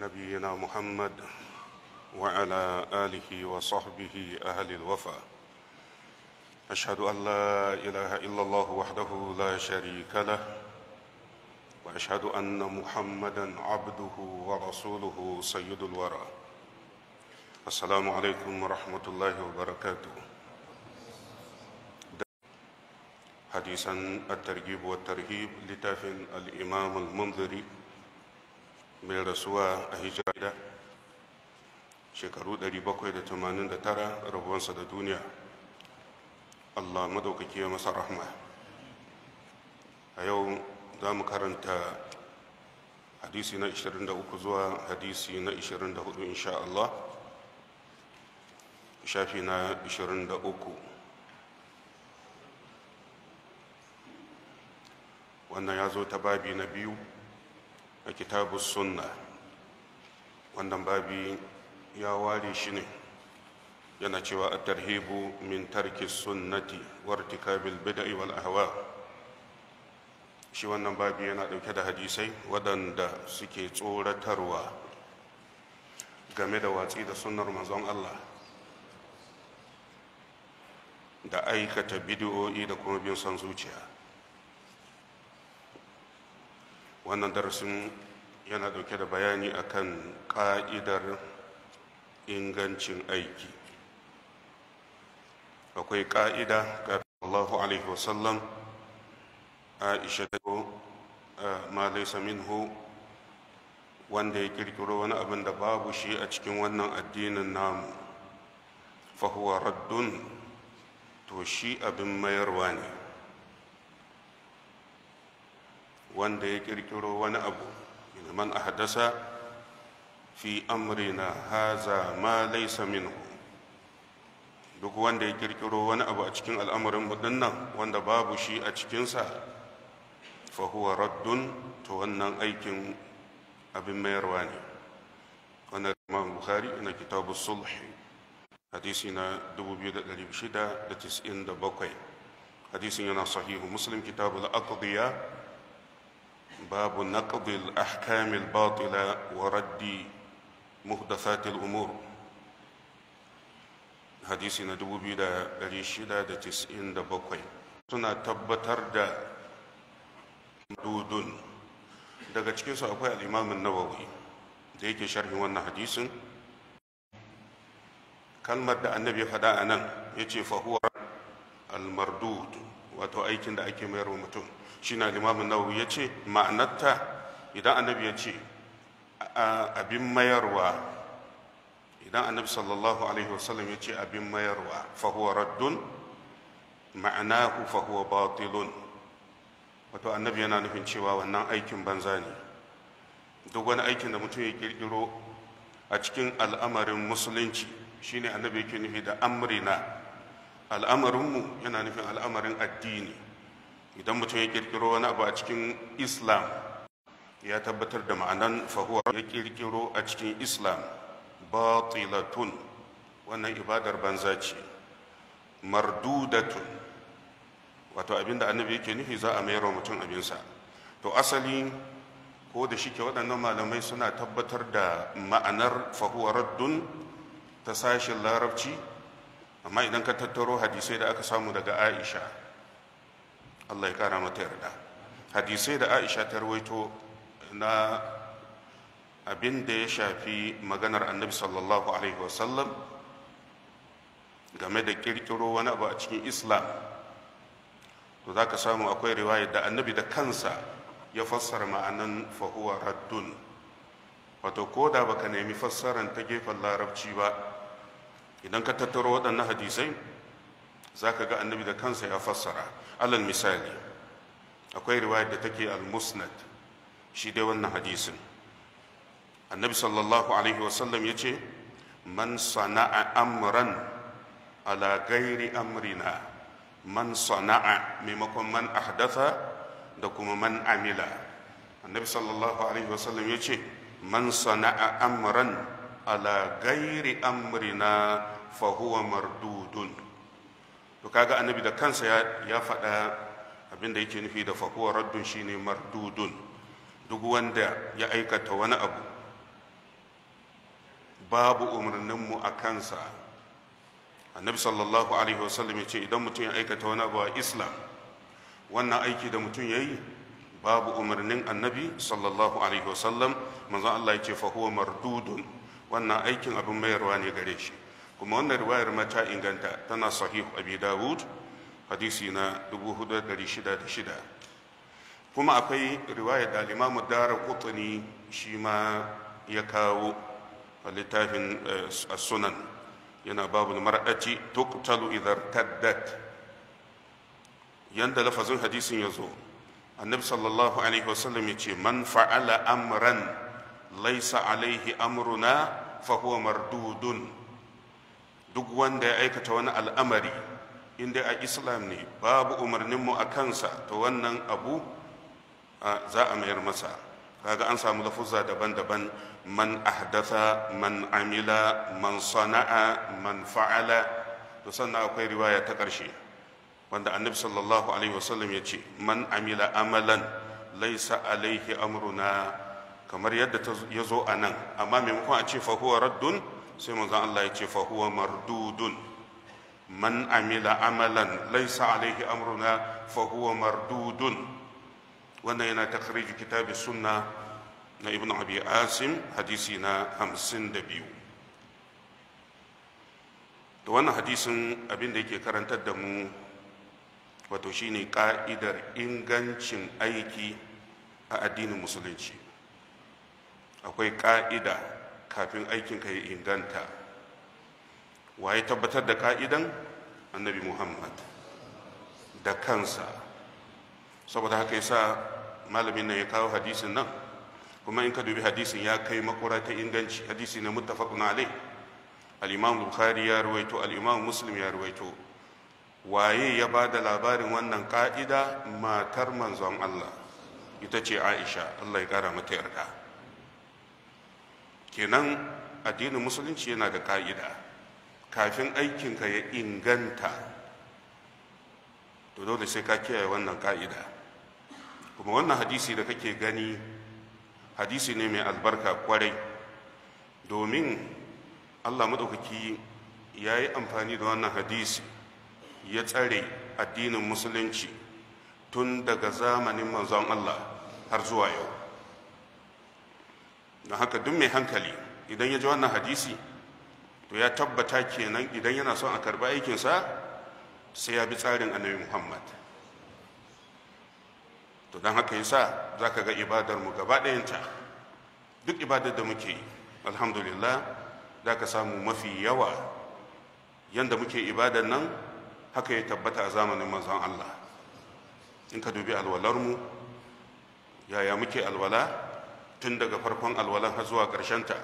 نبينا محمد وعلى آله وصحبه أهل الوفا أشهد أن لا إله إلا الله وحده لا شريك له وأشهد أن محمدا عبده ورسوله سيد الورى السلام عليكم ورحمة الله وبركاته حديثا الترغيب والترهيب لتافن الإمام المنذري mai rasuwa a hijira gida shekaru 789 rabuwansa da duniya allah maɗaukaki ya masa rahma a yau za mu karanta hadisi na 23 zuwa hadisi na 24 insha Allah shafi na 23 wannan ya zo ta babi na biyu a kitabu sunna wannan babi ya ware shi ne yana cewa a tarhibu min tarki sunnati wartikabil bida'i wal ahwa shi wannan babi yana ɗauke da hadisai waɗanda suke tsoratarwa game da watsi da sunnar manzon Allah da aikata bidiyo'i da kuma bin son zuciya wannan darasin yana dauke da bayani akan ka'idar ingancin aiki akwai ka'ida ga Allahu alaihi wasallam Aisha ta ma laysa minhu wanda ya kirkiro wani abin da babu shi a cikin wannan addinin namu fahuwa raddun to shi abin mayarwa ne wanda ya kirkiro wani abu man ahdasa fi amrina haza ma laysa minhu duk wanda ya kirkiro wani abu a cikin al'amarin dinnan wanda babu shi a cikinsa fa huwa raddun to wannan aikin abin mayarwa ne wannan imam bukhari na kitabu sulh hadisi na 2697 hadisin yana sahihu muslim kitabul aqdiya باب نقض الأحكام الباطلة ورد محدثات الأمور hadisi na 2697 suna tabbatar da dudun daga cikinsu akwai al'imamin nawawi da yake sharhin wannan hadisin kalmar da annabi faɗa a nan ya ce fahuwar almardud wato aikin da ake mayar wa mutum shi na limamin nawawi ya ce ma'anarta idan annabi ya ce abin mayarwa idan annabi sallallahu alaihi wasallam ya ce abin mayarwa fahuwa raddun ma'anahu fahuwa batilun wato annabi yana nufin cewa wannan aikin banza ne duk wani aikin da mutum ya kirkiro a cikin al'amarin musulunci shine annabi yake nufi da amrina al'amarinmu yana nufin al'amarin addini idan mutum ya kirkiro wani abu a cikin islam ya tabbatar da ma'anan fahuwa ya kirkiro a cikin islam batilatun wannan ibadar banza ce mardudatun wato abinda annabi yake nufi za a mayar wa mutum abinsa to asali ko da shike waɗannan malamai suna tabbatar da ma'anar fahuwa raddun ta sashen larabci amma idan ka tattaro hadisai da aka samu daga aisha Allah ya kara mata yarda hadisai da Aisha ta rawaito na abin da ya shafi maganar annabi sallallahu alaihi wasallam game da kirkiro wani abu a cikin islam to za ka samu akwai riwaya da annabi da kansa ya fassara ma'anan fahuwa raddun wato ko da baka nemi fassaran ta gefen larabci ba idan ka tattaro waɗannan hadisai za ka ga annabi da kansa ya fassara alal misali akwai riwayar da take al-musnad shi dai wannan hadisin annabi sallallahu alaihi wasallam ya ce man sana'a amran ala gairi amrina man sana'a maimakon man ahdatha da kuma man amila annabi sallallahu alaihi wasallam ya ce man sana'a amran ala gairi amrina fa huwa mardudun to kaga annabi da kansa ya faɗa abin da yake nufi da fahuwa raddun shine mardudun duk wanda ya aikata wani abu babu umarninmu a kansa annabi sallallahu alaihi wasallam ya ce idan mutum ya aikata wani abu a islam wannan aiki da mutum ya yi babu umarnin annabi sallallahu alaihi wasallam manzon allah ya ce fahuwa mardudun wannan aikin abin mayarwa ne gare shi kuma wannan riwayar ma ta inganta tana sahih abi dawud hadisi na 4666 kuma akwai riwayar da limamu dara kutuni shi ma ya kawo a littafin eh, sunan yana babu mar'aci tuktalu idan taddat yanda lafazin hadisin ya zo annabi sallallahu alaihi wasallam ya ce man fa'ala amran laisa alaihi amruna fa huwa mardudun duk wanda ya aikata wani al'amari inda a islam ne babu umarninmu a kansa to wannan abu za a mayar masa kaga an samu lafuzza daban-daban man ahdatha man amila man sana'a man fa'ala to sannan akwai riwaya ta ƙarshe wanda annabi sallallahu alaihi wasallam ya ce man amila amalan laisa alaihi amruna kamar yadda ya zo a nan amma maimakon a ce fa huwa raddun sai manzan Allah ya ce fa huwa mardudun man amila amalan laysa alaihi amruna fa huwa mardudun wannan yana takhrij kitabi sunna na ibnu abi asim hadisi na hamsin 52 to wannan hadisin abin da yake karantar da mu wato shine ka'idar ingancin aiki a addinin musulunci akwai ka'ida kafin aikin ka ya inganta waye tabbatar da ka'idan annabi muhammad da kansa saboda haka ya sa malamin nan ya kawo hadisin nan kuma in ka dubi hadisin ya kai makura ta inganci hadisi na muttafaqun alai al-imam bukhari ya ruwaito al-imam muslim ya ruwaito waye ya ba da labarin wannan ka'ida matar manzon Allah ita ce Aisha Allah ya kara mata yarda kenan addinin musulunci yana da ka'ida kafin aikinka ya inganta to dole sai ka kiyaye wannan ka'ida kuma wannan hadisi da kake gani hadisi ne mai albarka kwarai domin allah maɗaukaki ya yi amfani da wannan hadisi ya tsare addinin musulunci tun daga zamanin manzon allah har zuwa yau don haka duk mai hankali idan ya ji wannan hadisi to ya tabbata kenan idan yana son a karba aikinsa sai ya bi tsarin annabi muhammad to don haka yasa za ka ga ibadarmu gaba ta duk ibadar da muke alhamdulillah za ka samu mafi yawa yadda muke ibadar nan haka ya tabbata a zamanin manzon allah in ka dubi alwalarmu yaya muke alwala tun daga farkon alwalan har zuwa ta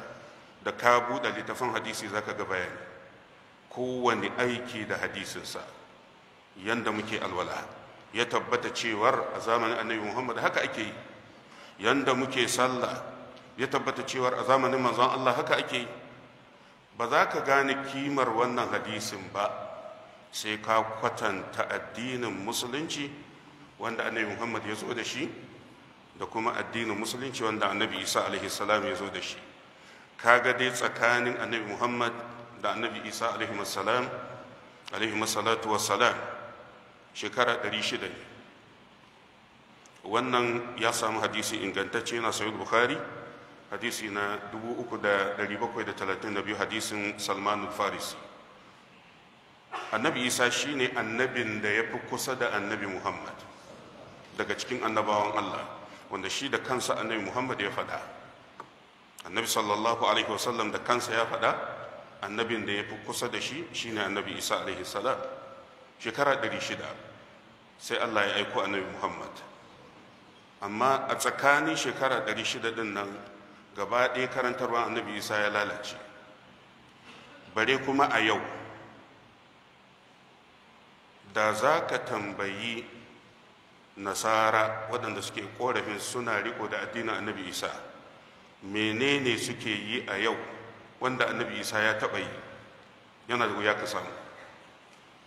da ka buɗe littafin hadisi ka ga bayani kowane aiki da hadisinsa yadda muke alwala ya tabbata cewar a zamanin annabi muhammad haka ake yi Yadda muke sallah ya tabbata cewar a zamanin manzon allah haka ake yi ba za ka gane kimar wannan hadisin ba sai ka kwatanta addinin musulunci wanda annabi muhammad ya zo da shi da kuma addinin musulunci wanda annabi isa alaihi salam ya zo da shi kaga dai tsakanin annabi muhammad da annabi isa alaihi salam alaihi salatu wassalam shekara 600 ne wannan ya samu hadisi ingantacce na Sayyid bukhari hadisi na 3732 hadisin salman al-farisi annabi isa shine annabin da ya fi kusa da annabi muhammad daga cikin annabawan allah wanda shi da kansa annabi muhammad ya faɗa annabi sallallahu alaihi wasallam da kansa ya faɗa annabin da ya fi kusa da shi shine annabi isa alaihi salam shekara ɗari shida sai allah ya aiko annabi muhammad amma a tsakanin shekara ɗari shida ɗin nan gaba ɗaya karantarwa annabi isa ya lalace bare kuma a yau da za ka tambayi nasara waɗanda suke korafin suna riko da addinin annabi isa menene suke yi a yau wanda annabi isa ya taɓa yi yana da wuya ka samu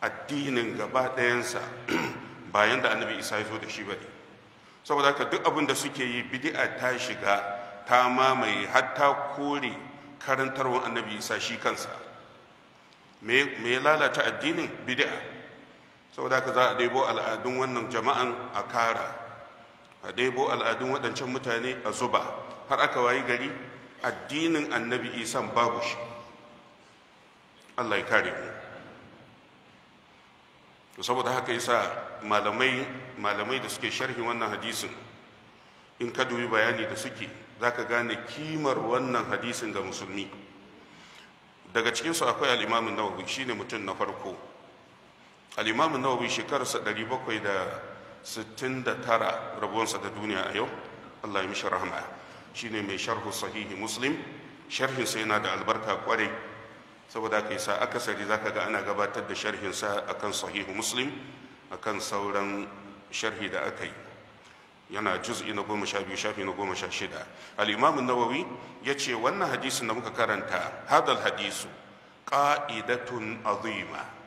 addinin gaba ɗayansa bayan da annabi isa ya zo da shi ba saboda haka duk abin da suke yi bidi'a ta shiga ta mamaye hatta kore karantarwar annabi isa shi kansa me ya lalata addinin bidi'a saboda ka za a ɗebo al'adun wannan jama'an a kara a ɗebo al'adun waɗancan mutane a zuba har aka wayi gari addinin annabi isan babu shi allah ya kare mu saboda haka yasa malamai malamai da suke sharhi wannan hadisin in ka dubi bayani da suke zaka gane kimar wannan hadisin ga musulmi daga cikinsu akwai al'imamin nawawi shine mutum na farko al'imamu nawawi shekararsa 769 rabuwansa da duniya a yau allah ya mishi rahama shine mai sharhu sahihi muslim sharhinsa yana da albarka kwarai saboda ka yi sa akasari za ka ga ana gabatar da sharhinsa a kan sahihu muslim akan sauran sharhi da aka yi yana juz'i na goma sha biyu shafi na goma sha shida al'imamun nawawi ya ce wannan hadisin da muka karanta hadal hadisu ƙa'idatun azima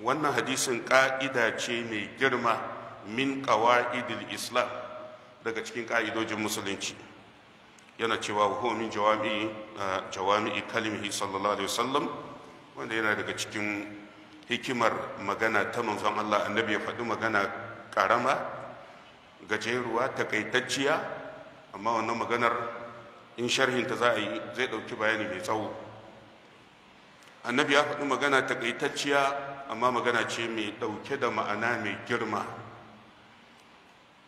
wannan hadisin ƙa'ida ce mai girma min ƙawa'idil islam daga cikin ƙa'idojin musulunci yana cewa wa homin jawami'i kalmihi sallallahu alaihi wasallam wanda yana daga cikin hikimar magana ta manzon Allah annabi ya faɗi magana ƙarama gajeruwa takaitacciya amma wannan maganar in sharhinta za a yi zai ɗauki bayani mai tsawo annabi ya faɗi magana takaitacciya amma magana ce mai ɗauke da ma'ana mai girma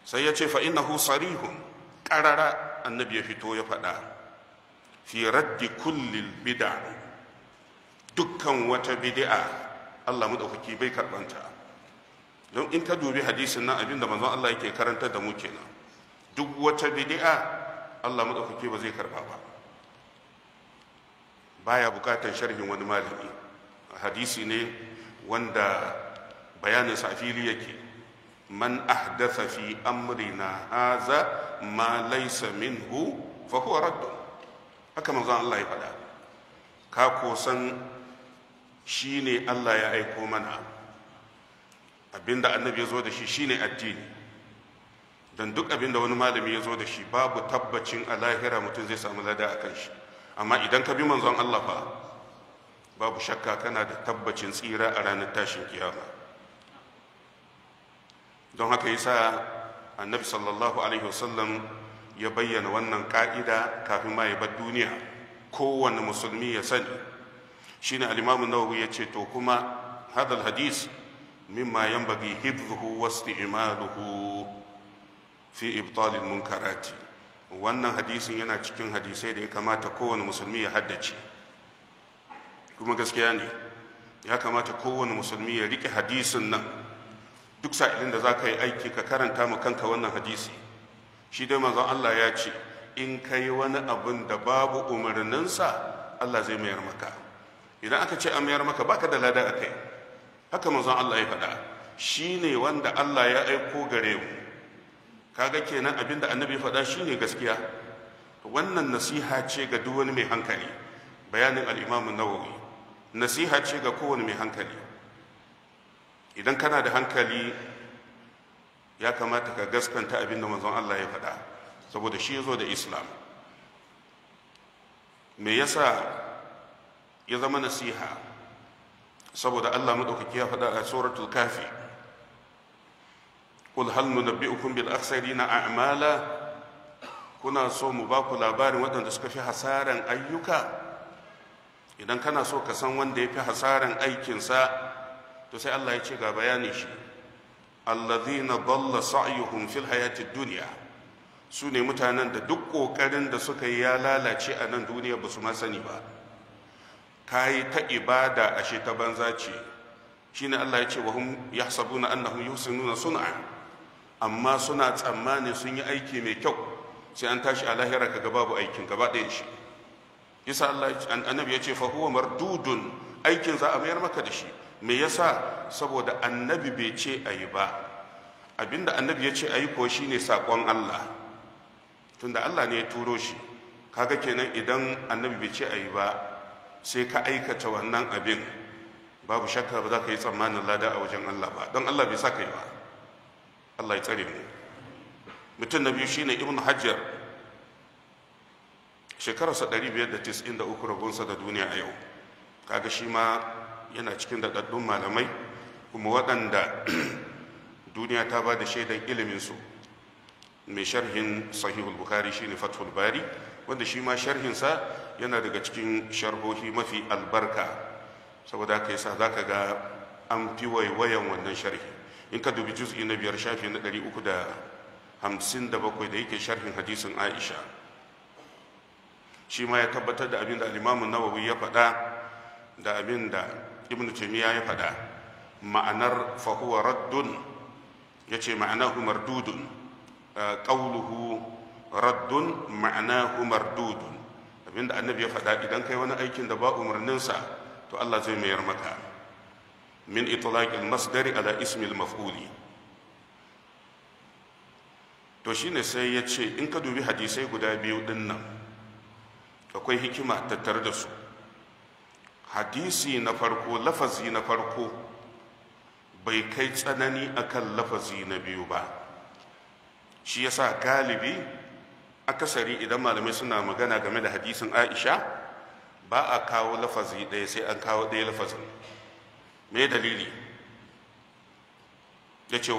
sai ya ce fa'inahu sarihun ƙarara annabi ya fito ya faɗa fi raddi kullil bida dukkan wata bidi'a. Allah maɗaukaki bai karɓanta don in ka dubi hadisin nan abinda manzon Allah yake karanta da mu kenan duk wata bidi'a. Allah maɗaukaki ba zai karɓa ba baya buƙatar sharhin wani malami hadisi ne wanda bayanin sa fili yake man ahdatha fi amrina haza ma laysa minhu fa huwa radd haka manzon Allah ya faɗa ka kosan shine Allah ya aiko mana abinda annabi ya zo da shi shine addini Dan duk abinda wani malami ya zo da shi babu tabbacin a lahira mutum zai samu lada akan shi amma idan ka bi manzon Allah fa babu shakka kana da tabbacin tsira a ranar tashin kiyama don haka yasa annabi sallallahu alaihi wasallam ya bayyana wannan ka'ida kafin ma ya bar duniya kowane musulmi ya sani shine al-imamu nawawi ya ce to kuma hadal hadis mimma yanbaghi hifdhuhu wa isti'maluhu fi ibtal al-munkarati wannan hadisin yana cikin hadisai da ya kamata kowane musulmi ya haddace kuma gaskiya ne ya kamata kowane musulmi ya rike hadisin nan duk sa'ilin da za ka yi aiki ka karanta ma kanka wannan hadisi shi dai manzon Allah ya ce in ka yi wani abin da babu umarninsa Allah zai mayar maka idan aka ce a mayar maka baka da lada a kai haka manzon Allah ya faɗa shi ne wanda Allah ya aiko gare mu kaga kenan abin da annabi faɗa shi ne gaskiya wannan nasiha ce ga duk wani mai hankali bayanin al-imamu nawawi nasiha ce ga kowane mai hankali idan kana da hankali ya kamata ka gaskanta abin da manzon Allah ya faɗa saboda shi ya zo da islam me yasa ya zama nasiha saboda Allah maɗaukaki ya faɗa a suratul kafi قل bil aksari na amala kuna so mu ba ku labarin waɗanda suka fi hasaran ayyuka idan kana so ka san wanda ya fi hasaran aikinsa to sai allah ya ce ga bayani shi allazina dalla sa'yuhum fil hayati duniya. su ne mutanen da duk ƙoƙarin da suka yi ya lalace a nan duniya ba su ma sani ba ka yi ta ibada ashe ta banza ce shine allah ya ce wa hum yahsabuna annahum yuhsinuna sun'a amma suna tsammani sun yi aiki mai kyau sai an tashi a lahira ka ga babu aikin gaba da shi yasa Allah annabi ya ce fa huwa mardudun aikin za a mayar maka da shi me yasa saboda annabi bai ce ayi ba abinda annabi ya ce ayi ko shine sakon Allah tunda Allah ne ya turo shi kaga kenan idan annabi bai ce ayi ba sai ka aikata wannan abin babu shakka ba za ka yi tsammanin lada a wajen Allah ba don Allah bai sa ka yi ba Allah ya tsare mu mutum na biyu shine ibnu hajjar shekararsa 593 rabonsa da duniya a yau kaga shi ma yana cikin daɗaɗɗun malamai kuma waɗanda duniya ta ba da shaidan iliminsu mai sharhin sahihul bukari shine fathul bari wanda shi ma sharhinsa yana daga cikin sharhohi mafi albarka saboda haka yasa za ka ga an fi waiwayan wannan sharhi in ka dubi juz'i na biyar shafi na 357 da yake sharhin hadisin aisha shi ma ya tabbatar da abin da alimamun nawawi ya faɗa da abin da ibn taimiyya ya faɗa ma'anar fahuwa raddun ya ce ma'anahu mardudun ƙauluhu raddun ma'anahu mardudun abin da annabi ya faɗa idan kai wani aikin da ba umarninsa to allah zai mayar maka min itlaqil masdari ala ismil maf'uli to shine sai ya ce in ka dubi hadisai guda biyu dinnan. nan akwai hikima tattare da su hadisi na farko lafazi na farko bai kai tsanani akan lafazi na biyu ba shi yasa galibi akasari idan malamai suna magana game da hadisin aisha ba a kawo lafazi ɗaya sai an kawo ɗaya lafazin me dalili ya ce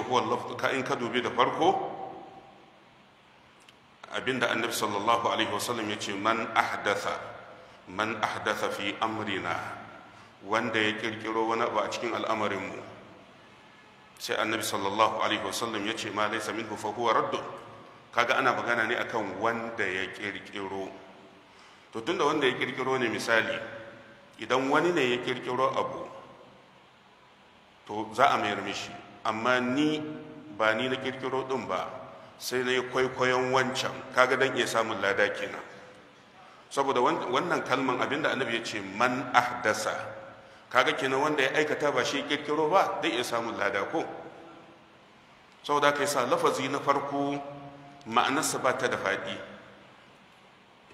in ka dubi da farko abinda annabi sallallahu alaihi wasallam ya ce man ahdatha man ahdatha fi amrina wanda ya kirkiro wani abu a cikin al'amarinmu sai annabi sallallahu alaihi wasallam ya ce ma laisa minhu fa huwa raddu kaga ana magana ne akan wanda ya kirkiro to tunda wanda ya kirkiro ne misali idan wani ne ya kirkiro abu to za a mayar mishi amma ni ba ni na kirkiro din ba sai na yi kwaikwayon wancan kaga dan iya samun lada kenan saboda wannan kalman abinda annabi ya ce man ahdasa kaga kenan wanda ya aikata ba shi kirkiro ba zai iya samun lada ko saboda yi sa lafazi na farko ma'anarsa ba ta da faɗi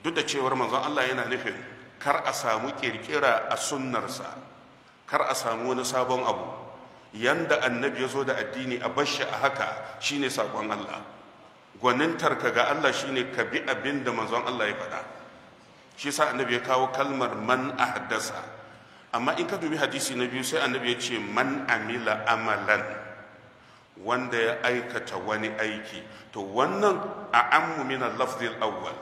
duk da cewar manzon Allah yana nufin kar a samu kirkira a sunnarsa kar a samu wani sabon abu yanda annabi ya zo da addini a bashi a haka shine sakon Allah gwanintarka ga Allah shine ka bi abin da manzon Allah ya faɗa shi sa annabi ya kawo kalmar man ahdasa amma in ka dubi hadisi na biyu sai annabi ya ce man amila amalan wanda ya aikata wani aiki to wannan a ammu min al-lafzi awwal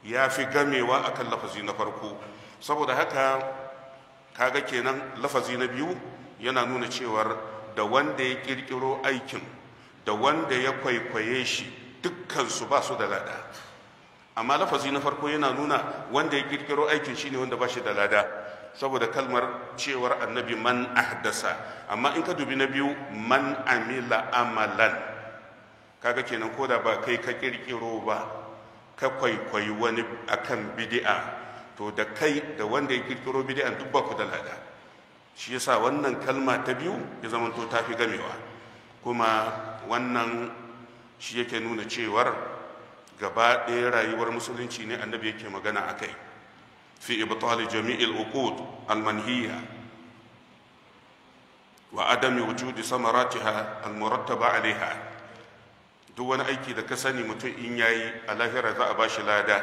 ya fi gamewa akan lafazi na farko saboda haka kaga kenan lafazi na biyu yana nuna cewar da wanda ya kirkiro aikin da wanda ya kwaikwaye shi dukkansu ba su da lada amma lafazi na farko yana nuna wanda ya kirkiro aikin shine wanda ba shi da lada saboda kalmar cewar annabi man ahdasa amma in ka dubi na biyu man amila amalan kaga kenan ko da ba kai ka kirkiro ba ka kwaikwayi wani akan bidi'a, to da kai da wanda ya kirkiro bidi'an duk ba ku da lada shi yasa wannan kalma ta biyu ya zamanto ta fi gamewa kuma wannan shi yake nuna cewar gaba ɗaya rayuwar musulunci ne annabi yake magana a kai fi ibtali jami'il uqud almanhiya wa adami wujudi samaratiha almurattaba alaiha duk wani aiki da ka sani mutum in yayi a lahira za a bashi lada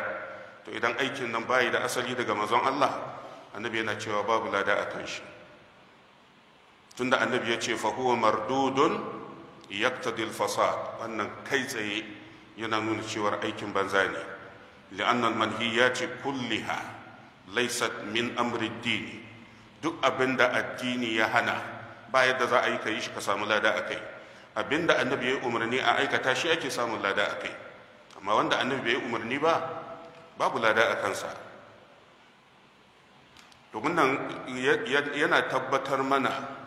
to idan aikin nan bayi da asali daga mazan Allah annabi yana cewa babu lada a kan shi tunda annabi ya ce fa huwa mardudun yaqtadi al-fasad wannan kai tsaye yana nuna cewar aikin banza ne li'anna al-manhiyati kulliha laisat min amri ad duk abinda addini ya hana ba yadda za a yi kai shi ka samu lada akai abinda annabi ya umarni a aikata shi ake samun lada kai. amma wanda annabi bai umarni ba babu lada a kansa domin nan yana tabbatar mana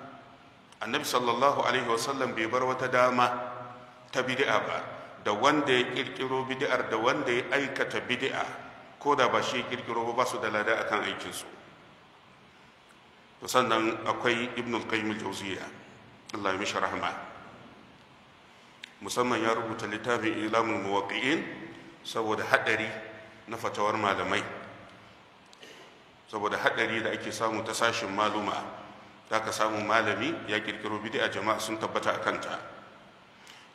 annabi sallallahu alaihi wasallam bai bar wata dama ta bid'a ba da wanda ya kirkiro bid'ar da wanda ya aikata bid'a ko da ba shi kirkiro ba su da lada akan aikinsu sannan akwai ibn al-qayyim al-jawziya Allah ya mishi rahma. musamman ya rubuta littafin ilamul muwaqqi'in saboda hadari na fatawar malamai saboda hadari da ake samu ta sashin maluma Da ka samu malami ya kirkiro bid'a jama'a sun tabbata a kanta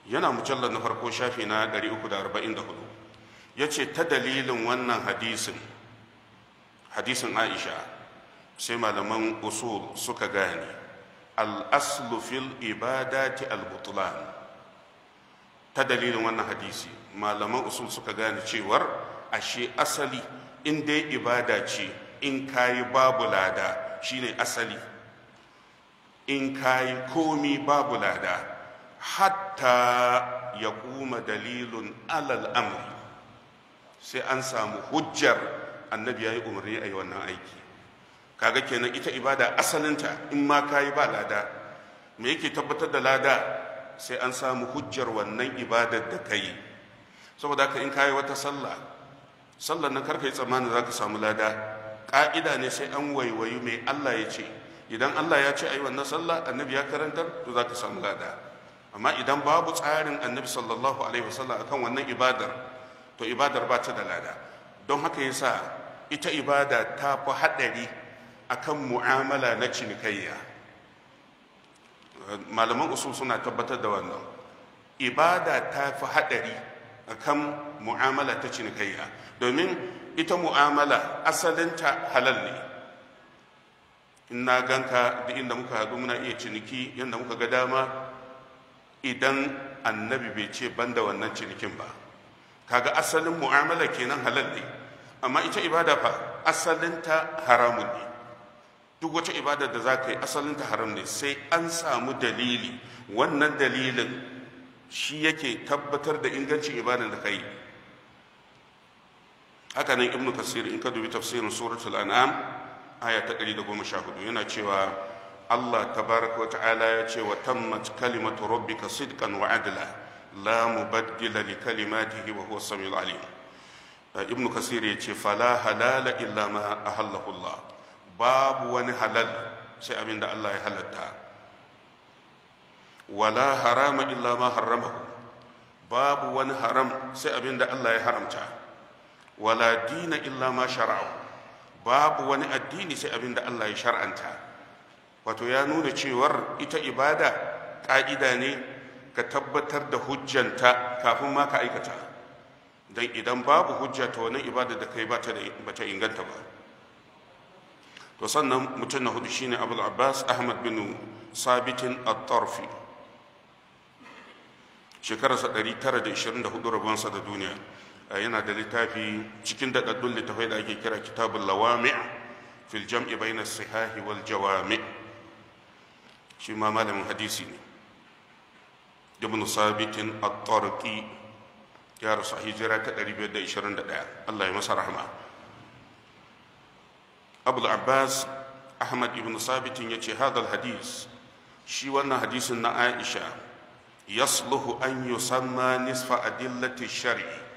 yana mujallar na farko shafi na 344 ya ce ta dalilin wannan hadisin hadisin aisha sai malaman usul suka gane al'aslu fil ibadati al-butlan ta dalilin wannan hadisi malaman usul suka gane cewar ashe asali in dai ibada ce in kayi babu lada shine asali in kayi komi babu lada hatta ya kuma dalilun alal amri sai an samu hujjar annabi ya yi umarni a yi wannan aiki kaga kenan ita ibada asalinta in ma kayi ba lada me yake tabbatar da lada sai an samu hujjar wannan ibadar da ka yi saboda haka in kayi wata sallah sallar nan karka yi tsammanin za ka samu lada ƙa'ida ne sai an waiwayi mai allah ya ce idan Allah ya ce a ayi wannan sallah annabi ya karantar to zaka samu lada amma idan babu tsarin annabi sallallahu alaihi wasallam akan wannan ibadar to ibadar ba ta da lada don haka yasa ita ibada ta fi haɗari akan mu'amala na cinikayya malaman usul suna tabbatar da wannan ibada ta fi haɗari akan mu'amala ta cinikayya domin ita mu'amala asalinta halal ne in na ganka da inda muka haɗu muna iya ciniki yadda muka ga dama idan annabi bai ce ban da wannan cinikin ba kaga asalin mu'amala kenan halal ne amma ita ibada fa asalinta haramun ne duk wata ibada da za ka yi asalinta haram ne sai an samu dalili wannan dalilin shi yake tabbatar da ingancin ibadar da ka yi haka nan ibnu kasir in ka dubi tafsirin suratul an'am aya ta ɗari da goma sha 114 yana cewa Allah ta tabaraka ta'ala ya ce wa tammat kalimatu rabbika sidqan wa adla la mubaddila li kalimatihi wa huwa samiul alim ibn kasir ya ce fala halala illa ma ahallahu Allah babu wani halal sai abin da Allah ya halatta wala harama illa ma haramahu babu wani haram sai abin da Allah ya haramta wala dina illa ma shara'u babu wani addini sai abin da Allah ya shar'anta wato ya nuna cewar ita ibada ƙa'ida ne ka tabbatar da hujjanta kafin ma ka aikata don idan babu hujja ta wani ibada da kai bata ta inganta ba to sannan mutum na hudu shine abul abbas ahmad bin sabitin at-tarfi shekararsa 924 rabonsa da duniya yana da littafi cikin daɗaɗɗun littafai da ake kira kitabun lawami fil jam'i bayna sihahi wal jawami shi ma malamin hadisi ne ibn sabitin at-tarqi ya rasu a hijira ta 521 Allah ya masa rahma Abu Abbas Ahmad ibn sabitin ce hadal hadis shi wannan hadisin na Aisha yasluhu an yusamma nisfa adillati shar'i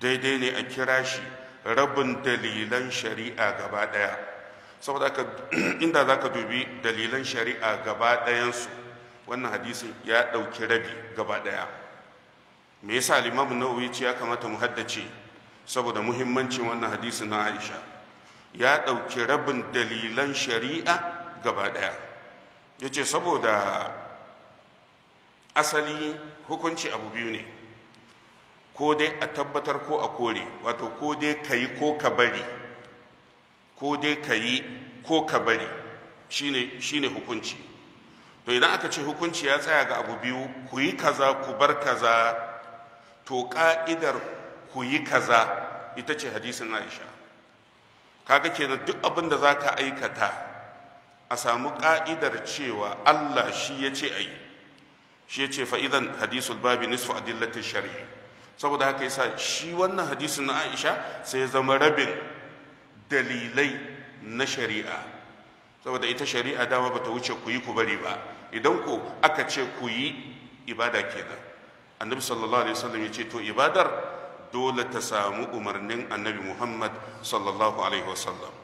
daidai ne a kira shi rabin dalilan shari'a gaba ɗaya saboda ka inda za ka dubi dalilan shari'a gaba ɗayansu wannan hadisin ya ɗauki rabi gaba ɗaya me yasa limamu na ce ya kamata mu haddace saboda muhimmancin wannan hadisin na aisha ya ɗauki rabin dalilan shari'a gaba ɗaya ya ce saboda asali hukunci abu biyu ne ko dai a tabbatar ko a kore wato ko dai ka yi ko ka bari ko dai ka yi ko ka bari shi ne hukunci to idan aka ce hukunci ya tsaya ga abu biyu ku yi kaza ku bar kaza to ka'idar ku yi kaza ita ce hadisin aisha kaga kenan duk abin da za ka aikata a samu ka'idar cewa allah shi ya ce a yi shi ya ce fa'idan hadisul babi nisfu adillatin shari'i saboda haka yasa shi wannan hadisin na Aisha sai ya zama rabin dalilai na shari'a saboda ita shari'a dama bata wuce ku yi ku bari ba idan ko aka ce ku yi ibada kenan annabi sallallahu alaihi wasallam ya ce to ibadar dole ta samu umarnin annabi Muhammad sallallahu alaihi wasallam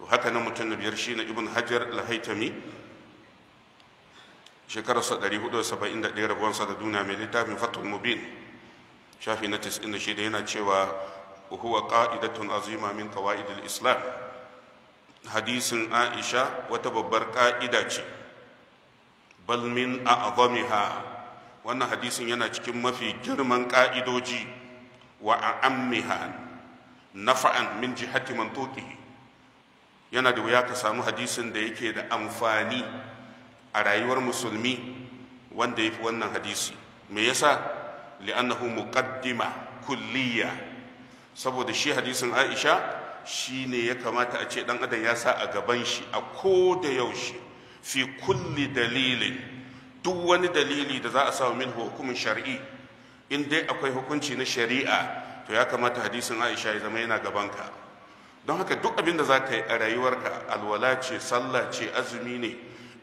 to haka nan mutum na biyar shine ibn hajar al-haytami shekararsa 471 rabuwansa da duna mai littafin fatul mubin shafi na shida yana cewa ukuwa qa'idatun azima min islam hadisin aisha wata babbar ƙa'ida ce balmin min a'zamiha wannan hadisin yana cikin mafi girman ƙa'idoji wa a'ammiha nafa'an min jihati mantuqihi yana da wuya ka samu hadisin da yake da amfani a rayuwar musulmi wanda ya fi wannan hadisi me yasa li'annahu muƙaddima kulliya saboda shi hadisin Aisha shi ne ya kamata a ce dan adam ya sa a gaban shi a ko da yaushe fi kulli dalilin duk wani dalili da za a samu min hukumin shar'i in dai akwai hukunci na shari'a to ya kamata hadisin Aisha ya zama yana gabanka don haka duk abin da za ka yi a rayuwarka alwala ce sallah ce azumi ne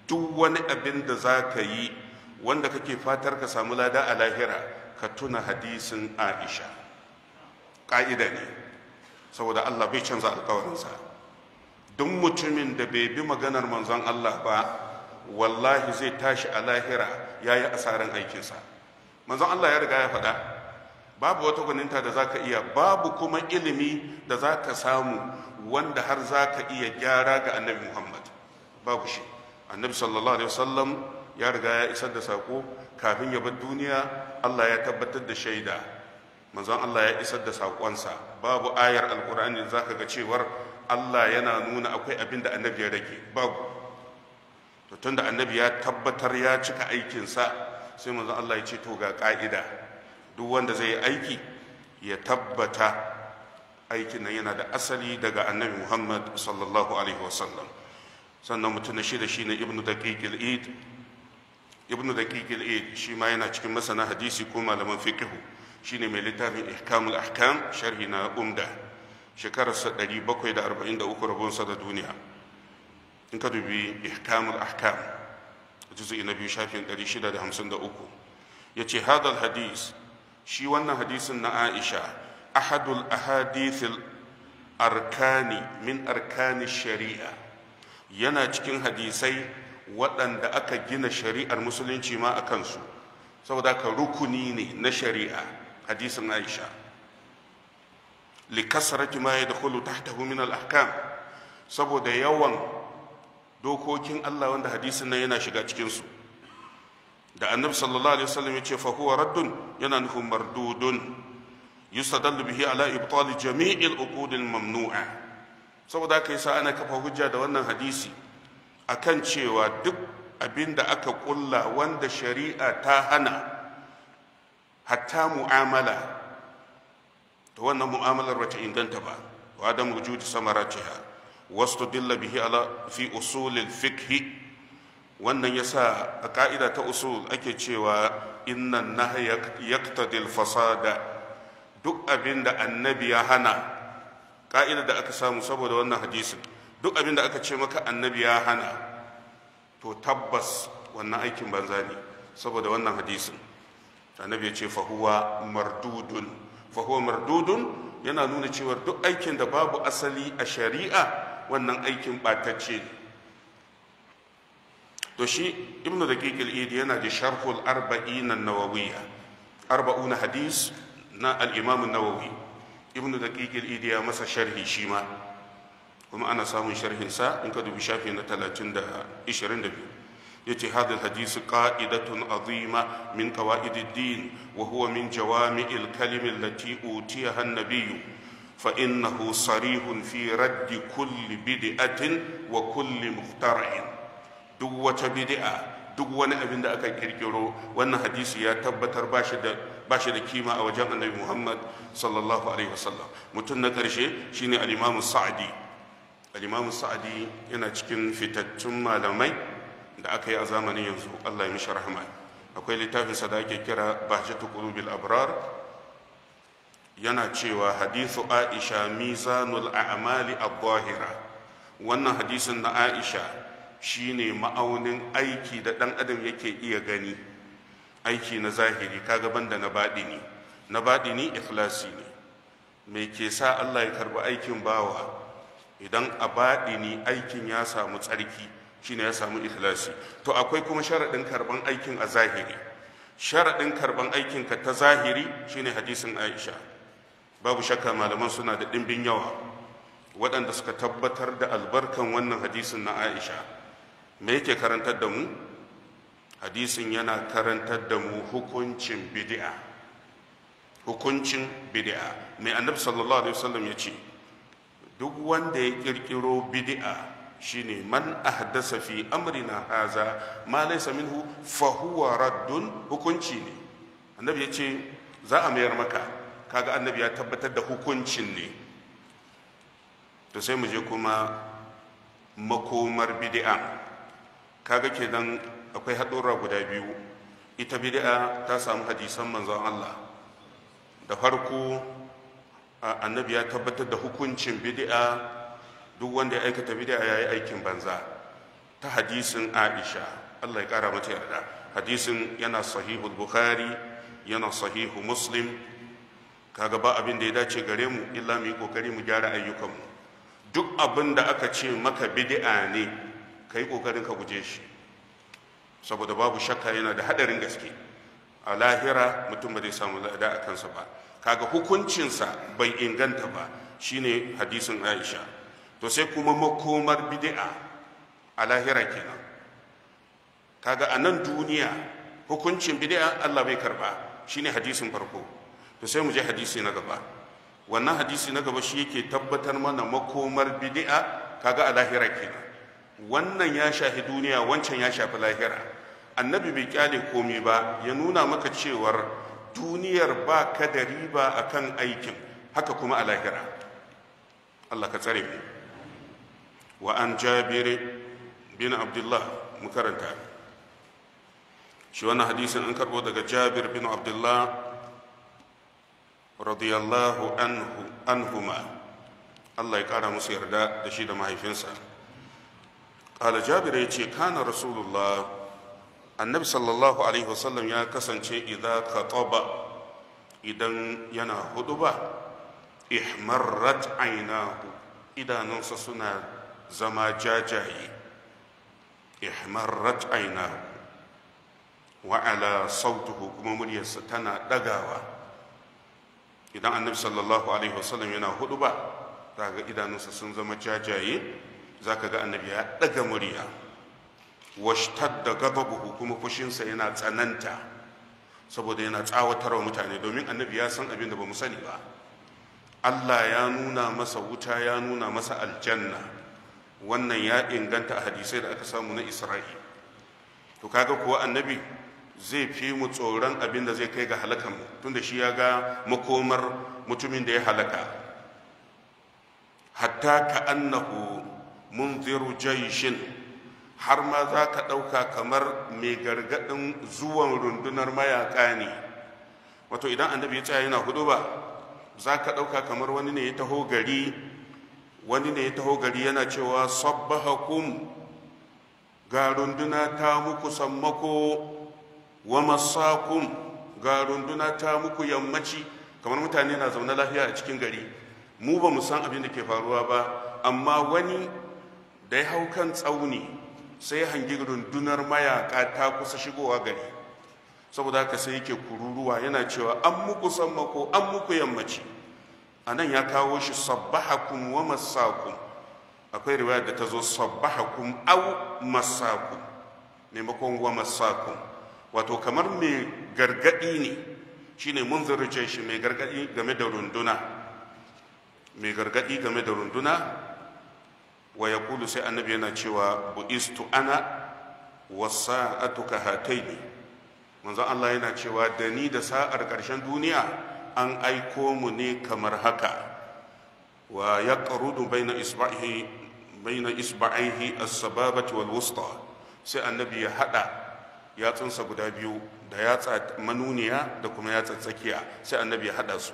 duk wani abin da za ka yi wanda kake fatar ka samu lada a lahira ka tuna hadisin aisha ƙa'ida ne saboda allah bai canza alkawarinsa duk mutumin da bai bi maganar manzon allah ba wallahi zai tashi a lahira ya yi asarin aikinsa manzon allah ya riga ya faɗa babu wata gwaninta da za ka iya babu kuma ilimi da za ka samu wanda har za ka iya gyara ga annabi muhammad babu shi annabi sallallahu alaihi wasallam ya riga ya isar da sako kafin ya bar duniya Allah ya tabbatar da shaida manzon Allah ya isar da saƙonsa babu ayar alƙur'ani zaka ga cewar Allah yana nuna akwai abin da annabi ya rage babu to tun annabi ya tabbatar ya cika aikinsa sai manzon Allah ya ce to ga ƙa'ida duk wanda zai yi aiki ya tabbata aikin nan yana da asali daga annabi Muhammad sallallahu alaihi wasallam sannan mutum na shi shine ibnu daqiq al-id ibn daqiqil id eh, shi ma yana cikin masana hadisi ko malaman fiqhu shine mai littafin ihkamul ahkam sharhi na umda shekararsa 743 rabonsa da duniya in ka dubi ihkamul ahkam juzu na biyu shafin 653 ya ce hadal hadis shi wannan hadisin na aisha ahadul ahadithil arkani min arkani shari'a yana cikin hadisai waɗanda aka gina shari'ar musulunci ma a kansu saboda ka rukuni ne na shari'a hadisin aisha likasarati ma ya dakhulu tahtahu min al-ahkam saboda yawan dokokin Allah wanda hadisin nan yana shiga cikin su da annabi sallallahu alaihi wasallam yace fa huwa raddun yana nufin mardudun yustadallu bihi ala ibtal jami'il uqud al-mamnu'a saboda kai sa ana kafa hujja da wannan hadisi akan cewa duk abin da aka kulla wanda shari'a ta hana hatta mu'amala to wannan mu'amalar bata inganta ba wa adam wujudi samaratiha wasu dilla bihi ala fi usulil fikhi wannan yasa a ka'ida ta usul ake cewa innan na yaqtadil fasada duk abin da annabi ya hana ka'ida da aka samu saboda wannan hadisin duk abin da aka ce maka annabi ya hana to tabbas wannan aikin banza ne saboda wannan hadisin annabi ya ce fahuwa mardudun fahuwa mardudun yana nuna cewa duk aikin da babu asali a shari'a wannan aikin ɓatacce ne to shi ibnu da idi yana da sharhul arba'ina nawawiya na hadis na al nawawi ibnu da idi ya masa sharhi shi ma kuma ana samun sa in ka dubi shafi na 30 da ce yace hadal hadisu qa'idatun azima min qawaidid din wa huwa min jawami'il kalimi allati utiyaha an fa innahu sarihun fi raddi kulli bid'atin wa kulli muftara'in duk wata bid'a duk wani abin da aka kirkiro wannan hadisi ya tabbatar ba shi da kima a wajen annabi muhammad sallallahu alaihi wasallam mutum na ƙarshe shine al-imamu sa'di al sa'adi yana cikin fitattun malamai da aka yi a zamanin yanzu Allah ya mishi rahama akwai littafin da ake kira bahjatu qulubil abrar yana cewa hadithu aisha mizanul a'mali adh-dhahira wannan hadisin na aisha shine ma'aunin aiki da dan adam yake iya gani aiki na zahiri kaga banda na baɗini na baɗini ikhlasi ne me ke sa Allah ya karbi aikin bawa idan a baɗi ni aikin ya samu tsarki shine ya samu ikhlasi to akwai kuma sharaɗin karban aikin a zahiri sharaɗin karban aikinka ta zahiri shine hadisin aisha babu shakka malaman suna da ɗimbin yawa waɗanda suka tabbatar da albarkan wannan hadisin na aisha me yake karantar da mu hadisin yana karantar da mu hukuncin bid'a hukuncin bid'a mai annabi sallallahu alaihi wasallam ya ce duk wanda ya kirkiro bid'a shine man ahdasa fi amrina haza ma laysa minhu fa huwa raddun hukunci ne annabi ya ce za a mayar maka kaga annabi ya tabbatar da hukuncin ne to sai mu je kuma makomar bid'a kaga kenan akwai haɗura guda biyu ita bid'a ta samu hadisan manzon Allah da farko annabi ya tabbatar da hukuncin bid'a duk wanda ya aikata bid'a yi aikin banza ta hadisin Aisha Allah ya kara mata yarda hadisin yana sahihu Bukhari yana sahihu Muslim kaga ba abin da ya dace gare mu illa mu yi kokari mu gyara ayyukan mu duk abin da aka ce maka bid'a ne kai kokarin ka guje shi saboda babu shakka yana da hadarin gaske a lahira mutum ba zai samu lada a kansa ba kaga hukuncinsa bai inganta ba shine hadisin aisha to sai kuma makomar bid'a a lahira kenan kaga a nan duniya hukuncin bid'a Allah bai karba shine hadisin farko to sai mu je hadisi na gaba wannan hadisi na gaba shi yake tabbatar mana makomar bid'a kaga a lahira kenan wannan ya shafi duniya wancan ya shafi lahira annabi bai kyale komai ba ya nuna maka cewar duniyar ba ka da riba a kan aikin haka kuma a lahira Allah ka tsare mu wa an jabir bin abdullah mu karanta shi wannan hadisin an karbo daga jabir bin abdullah radiyallahu anhu anhuma Allah ya kara musu yarda da shi da mahaifinsa قال جابر يقول كان رسول الله annabi sallallahu alaihi wasallam ya kasance idan ka toba idan yana hudu huduba ihmarrat ainahu idanunsa suna zama jajaye ihmarrat ainahu wa ala sautuhu kuma muryarsa tana dagawa idan annabi sallallahu alaihi wasallam yana huduba zaka ga idanunsa sun zama jajaye za ka ga annabi ya daga murya washtadda buhu kuma fushinsa yana tsananta saboda yana tsawatarwa mutane domin annabi ya san abin da ba mu sani ba Allah ya nuna masa wuta ya nuna masa aljanna wannan ya inganta hadisai da aka samu na Isra'il to kaga kuwa annabi zai fi mu tsoron abin da zai kai ga halakan tunda shi ya ga makomar mutumin da ya halaka hatta ka annahu munziru jayshin har ma za ka ɗauka kamar mai gargaɗin zuwan rundunar mayaka ne wato idan annabi ya tsaya yana hudu ba za ka ɗauka kamar wani ne ya taho gari wani ne ya taho gari yana cewa sabbahakum ga runduna ta muku sammako wa masakum ga runduna ta muku yammaci kamar mutane na zaune lafiya a cikin gari mu ba mu san abin da ke faruwa ba amma wani da ya hau kan tsauni sai hangi rundunar mayaka ta kusa shigowa gari saboda haka sai yake kururuwa yana cewa an muku sammako an muku yammaci a nan ya kawo shi sabbahakum wa masakum akwai riwaya da ta zo sabbahakum au masakum maimakon wa masakum wato kamar mai gargadi ne shine munzir shi mai gargadi game da runduna mai gargadi game da runduna wa ya kulu sai annabi yana cewa bu'istu ana wasa atuka hataini manzon Allah yana cewa da ni da sa'ar ƙarshen duniya an aiko mu ne kamar haka wa ya ƙarudu baina isba'ihi baina sababati wal wusta sai annabi ya hada yatsunsa guda biyu da yatsa manuniya da kuma yatsa tsakiya sai annabi ya hada su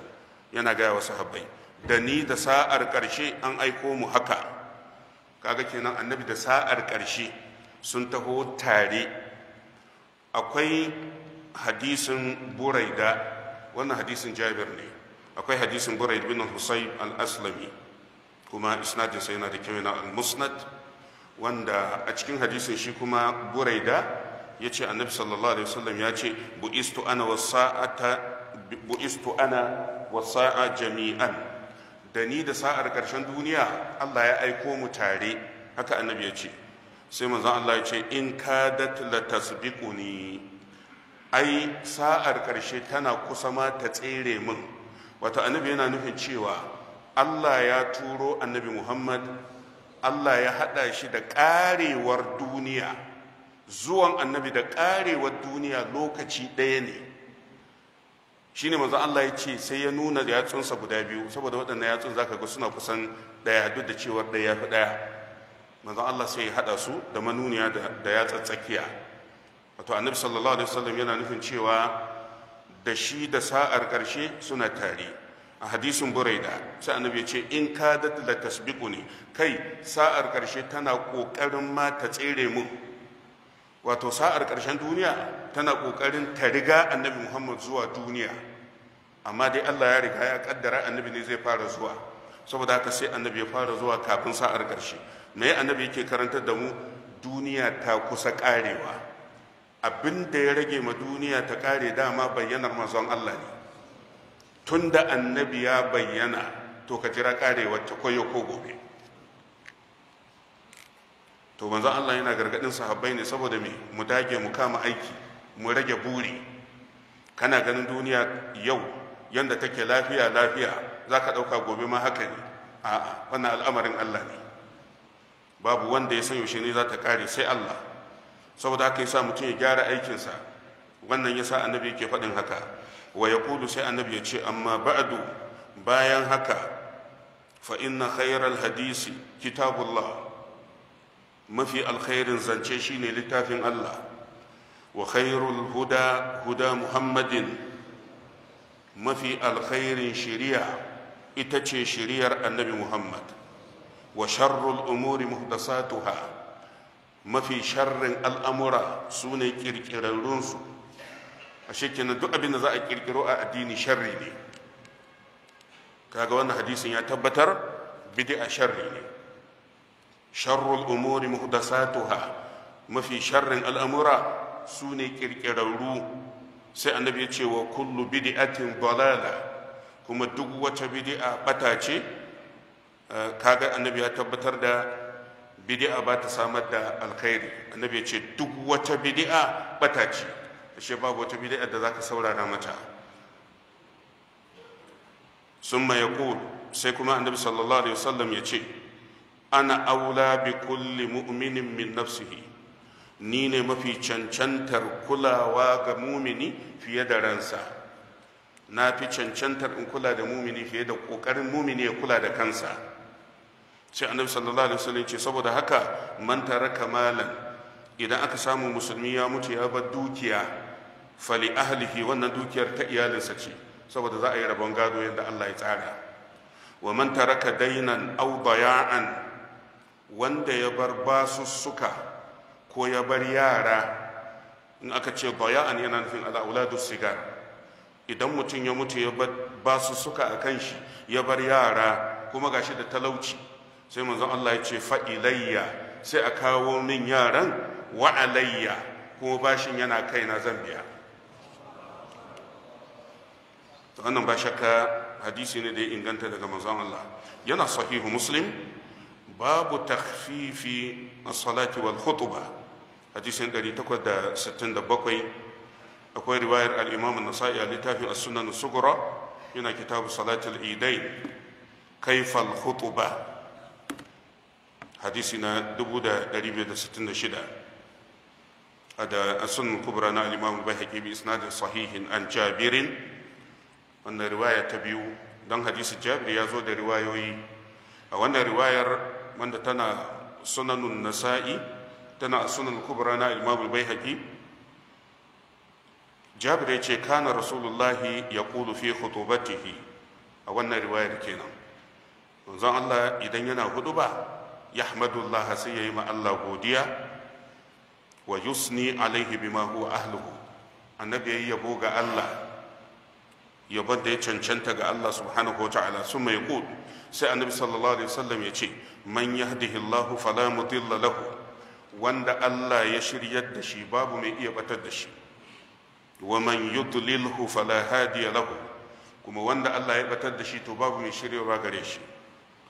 yana gaya wa sahabbai da ni da sa'ar ƙarshe an aiko mu haka kaga kenan annabi da sa'ar ƙarshe sun taho tare akwai hadisin buraida wannan hadisin jabir ne akwai hadisin Buraida, bin Husayn al-aslami kuma isnadinsa yana da kyau yana al-musnad wanda a cikin hadisin shi kuma buraida ya ce annabi sallallahu alaihi wasallam ya ce bu'istu ana wasa'ata bu'istu ana wasa'a jami'an da ni da sa'ar ƙarshen duniya Allah ya aiko mu tare haka annabi ya ce sai manzon Allah ya ce in kadat la tasbiquni ai sa'ar ƙarshe tana kusa ma ta tsere min wato annabi yana nufin cewa Allah ya turo annabi Muhammad Allah ya haɗa shi da ƙarewar duniya zuwan annabi da ƙarewar duniya lokaci ɗaya ne shine manzo Allah ya ce sai ya nuna yatsunsa guda biyu saboda waɗannan yatsun zaka ga suna kusan daya duk da cewar daya fi daya manzo Allah sai ya hada su da manuniya da ya tsakiya wato annabi sallallahu alaihi wasallam yana nufin cewa da shi da sa'ar karshe suna tare a hadisin buraida sai annabi ya ce in kadat la ne kai sa'ar karshe tana kokarin ma ta tsere mun wato sa'ar ƙarshen duniya tana ƙoƙarin ta riga annabi muhammad zuwa duniya amma dai Allah ya riga ya kaddara annabi ne zai fara zuwa saboda haka sai annabi ya fara zuwa kafin sa'ar ƙarshe me annabi yake karantar da mu duniya ta kusa karewa abin da ya rage ma duniya ta kare dama bayyanar manzon Allah ne tun da annabi ya bayyana to ka jira karewar ta koyo ko gobe to manzon Allah yana gargadin sahabbai ne saboda me mu dage mu kama aiki mu rage buri kana ganin duniya yau yanda take lafiya lafiya za ka ɗauka gobe ma haka ne a'a wannan al'amarin allah ne babu wanda ya san yaushe ne za ta kare sai allah saboda haka yasa mutum ya gyara aikinsa wannan yasa annabi yake faɗin haka wa Kulu sai annabi ya ce amma ba'du bayan haka fa inna khairal hadisi kitabullah mafi alkhairin zance shine littafin allah wa khairul huda huda muhammadin mafi alkhairin shiriya ita ce shiriyar annabi muhammad wa sharrul umuri muhdasatuha mafi sharrin al'amura su ne ƙirƙirarrunsu a duk abin da za a ƙirƙiro a addini sharri ne kaga wannan hadisin ya tabbatar a sharri ne sharrul umuri muhdasatuha mafi sharrin al'amura su ne ƙirƙirarru sai annabi ya ce wa kullu bid'atin dalala kuma duk wata bid'a bata ce eh, kaga annabi ya tabbatar da bid'a ba ta samar da alkhairi annabi ya ce duk wata bid'a bata ce ashe babu wata bid'a da zaka saurara mata summa yaqul sai kuma annabi sallallahu alaihi wasallam ya ce ana aula bi kulli mu'minin min nafsihi ni ne mafi cancantar kulawa ga mumini fiye da ransa na fi cancantar in kula da mumini fiye da ƙoƙarin mumini ya kula da kansa sai annabi sallallahu alaihi wasallam ce saboda haka man taraka idan aka samu musulmi ya mutu ya bar dukiya fali ahlihi wannan dukiyar ta iyalinsa ce saboda za a yi rabon gado yadda Allah ya tsara wa man taraka dainan aw baya'an wanda ya bar basussuka ko ya bar yara in aka ce baya'an yana nufin al'auladu sigar idan mutum ya mutu ya ba su suka a kan shi ya bar yara kuma gashi da talauci sai manzon Allah ya ce fa'ilayya sai a kawo min yaran wa'alayya kuma bashin yana kaina zan biya to wannan ba shakka hadisi ne da ya inganta daga manzon Allah yana sahihu muslim babu takfifi as-salati wal khutbah hadisin 867 akwai riwayar al-imam an a littafin as-sunan as-sughra yana kitabu salatul idain kaifal khutuba hadisi na 1566 a da sunan kubra na al-imam al bi isnadin sahihin an jabirin wannan riwaya ta biyu don hadisi jabir ya zo da riwayoyi a wannan riwayar wanda tana sunanun nasa'i tana sunan kubra na imamul baihaqi jabir ya ce kana rasulullahi ya kulu fi khutubatihi a wannan riwayar kenan manzon Allah idan yana ya yahmadullah sai yayi ma Allah godiya wa yusni alaihi bima huwa ahluhu annabi yayi yabo ga Allah ya da ya cancanta ga Allah subhanahu wa ta'ala sun mai sai annabi sallallahu alaihi wasallam ya ce man yahdihillahu fala mudilla lahu wanda Allah ya shiryar da shi babu mai iya batar da shi wa man yudlilhu fala hadiya lahu kuma wanda Allah ya batar da shi to babu mai shiryawa gare shi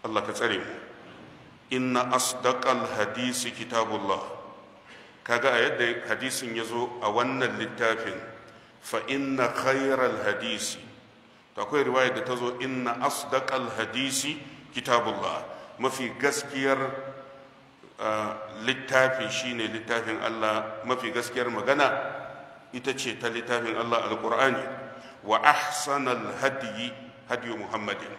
Allah ka tsare mu inna asdaqal hadisi kitabullah kaga a yadda hadisin ya zo a wannan littafin fa inna khairal hadisi akwai riwaya da ta zo inna asdaqal hadisi kitabullah mafi gaskiyar littafi shine littafin Allah mafi gaskiyar magana ita ce ta littafin Allah alqur'ani wa ahsanal hadiyi hadiyu muhammadin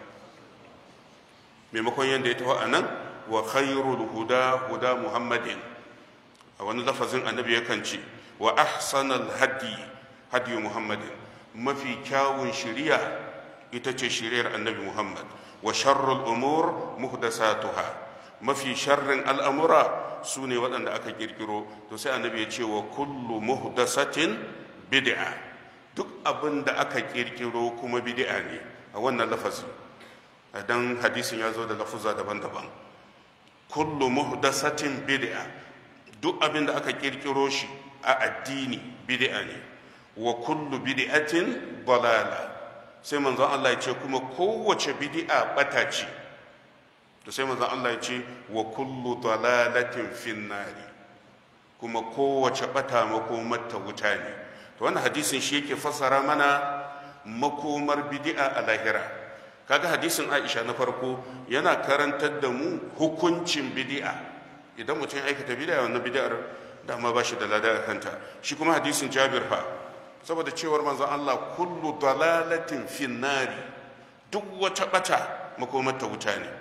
maimakon yadda ya taho a nan wa khairul huda huda muhammadin a wani lafazin annabi yakan ce wa ahsanal hadiyi hadiyu muhammadin mafi kyawun shiriya ita ce shiriyar annabi muhammad wa sharrul umur muhdasatuha mafi sharrin al'amura su ne waɗanda aka ƙirƙiro to sai annabi ya ce wa kullu muhdasatin bid'a duk abin da aka ƙirƙiro kuma bid'a ne a wannan lafazi don hadisin ya zo da lafuza daban-daban kullu muhdasatin bid'a duk abin da aka ƙirƙiro shi a addini bid'a ne wa kullu bid'atin balala sai manzon Allah ya ce kuma kowace bid'a ɓata ce da sai maza Allah ya ce wa kullu dalalatin finnari kuma kowace bata makomar ta wuta ne to wannan hadisin shi yake fassara mana makomar bid'a a lahira kaga hadisin Aisha na farko yana karantar da mu hukuncin bid'a idan mutum ya aikata bid'a wannan bid'ar dama ba shi da lada kanta shi kuma hadisin Jabir fa saboda cewar manzon Allah kullu dalalatin finnari duk wata bata makomar ta wuta ne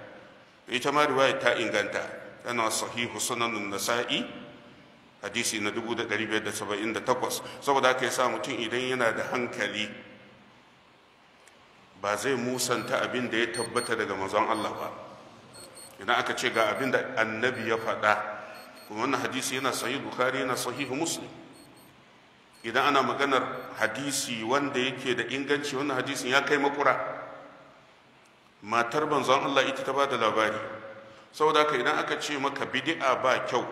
ita ma riwaya ta inganta tana sahihu sunanun nasa'i hadisi na 1578 saboda haka yasa mutum idan yana da hankali ba zai musanta abin da ya tabbata daga mazan Allah ba idan aka ce ga abin da annabi ya faɗa kuma wannan hadisi yana sahih bukari yana sahihu muslim idan ana maganar hadisi wanda yake da inganci wannan hadisin ya kai makura matar banzan Allah ita ta ba da labari saboda ka idan aka ce maka bid'a ba kyau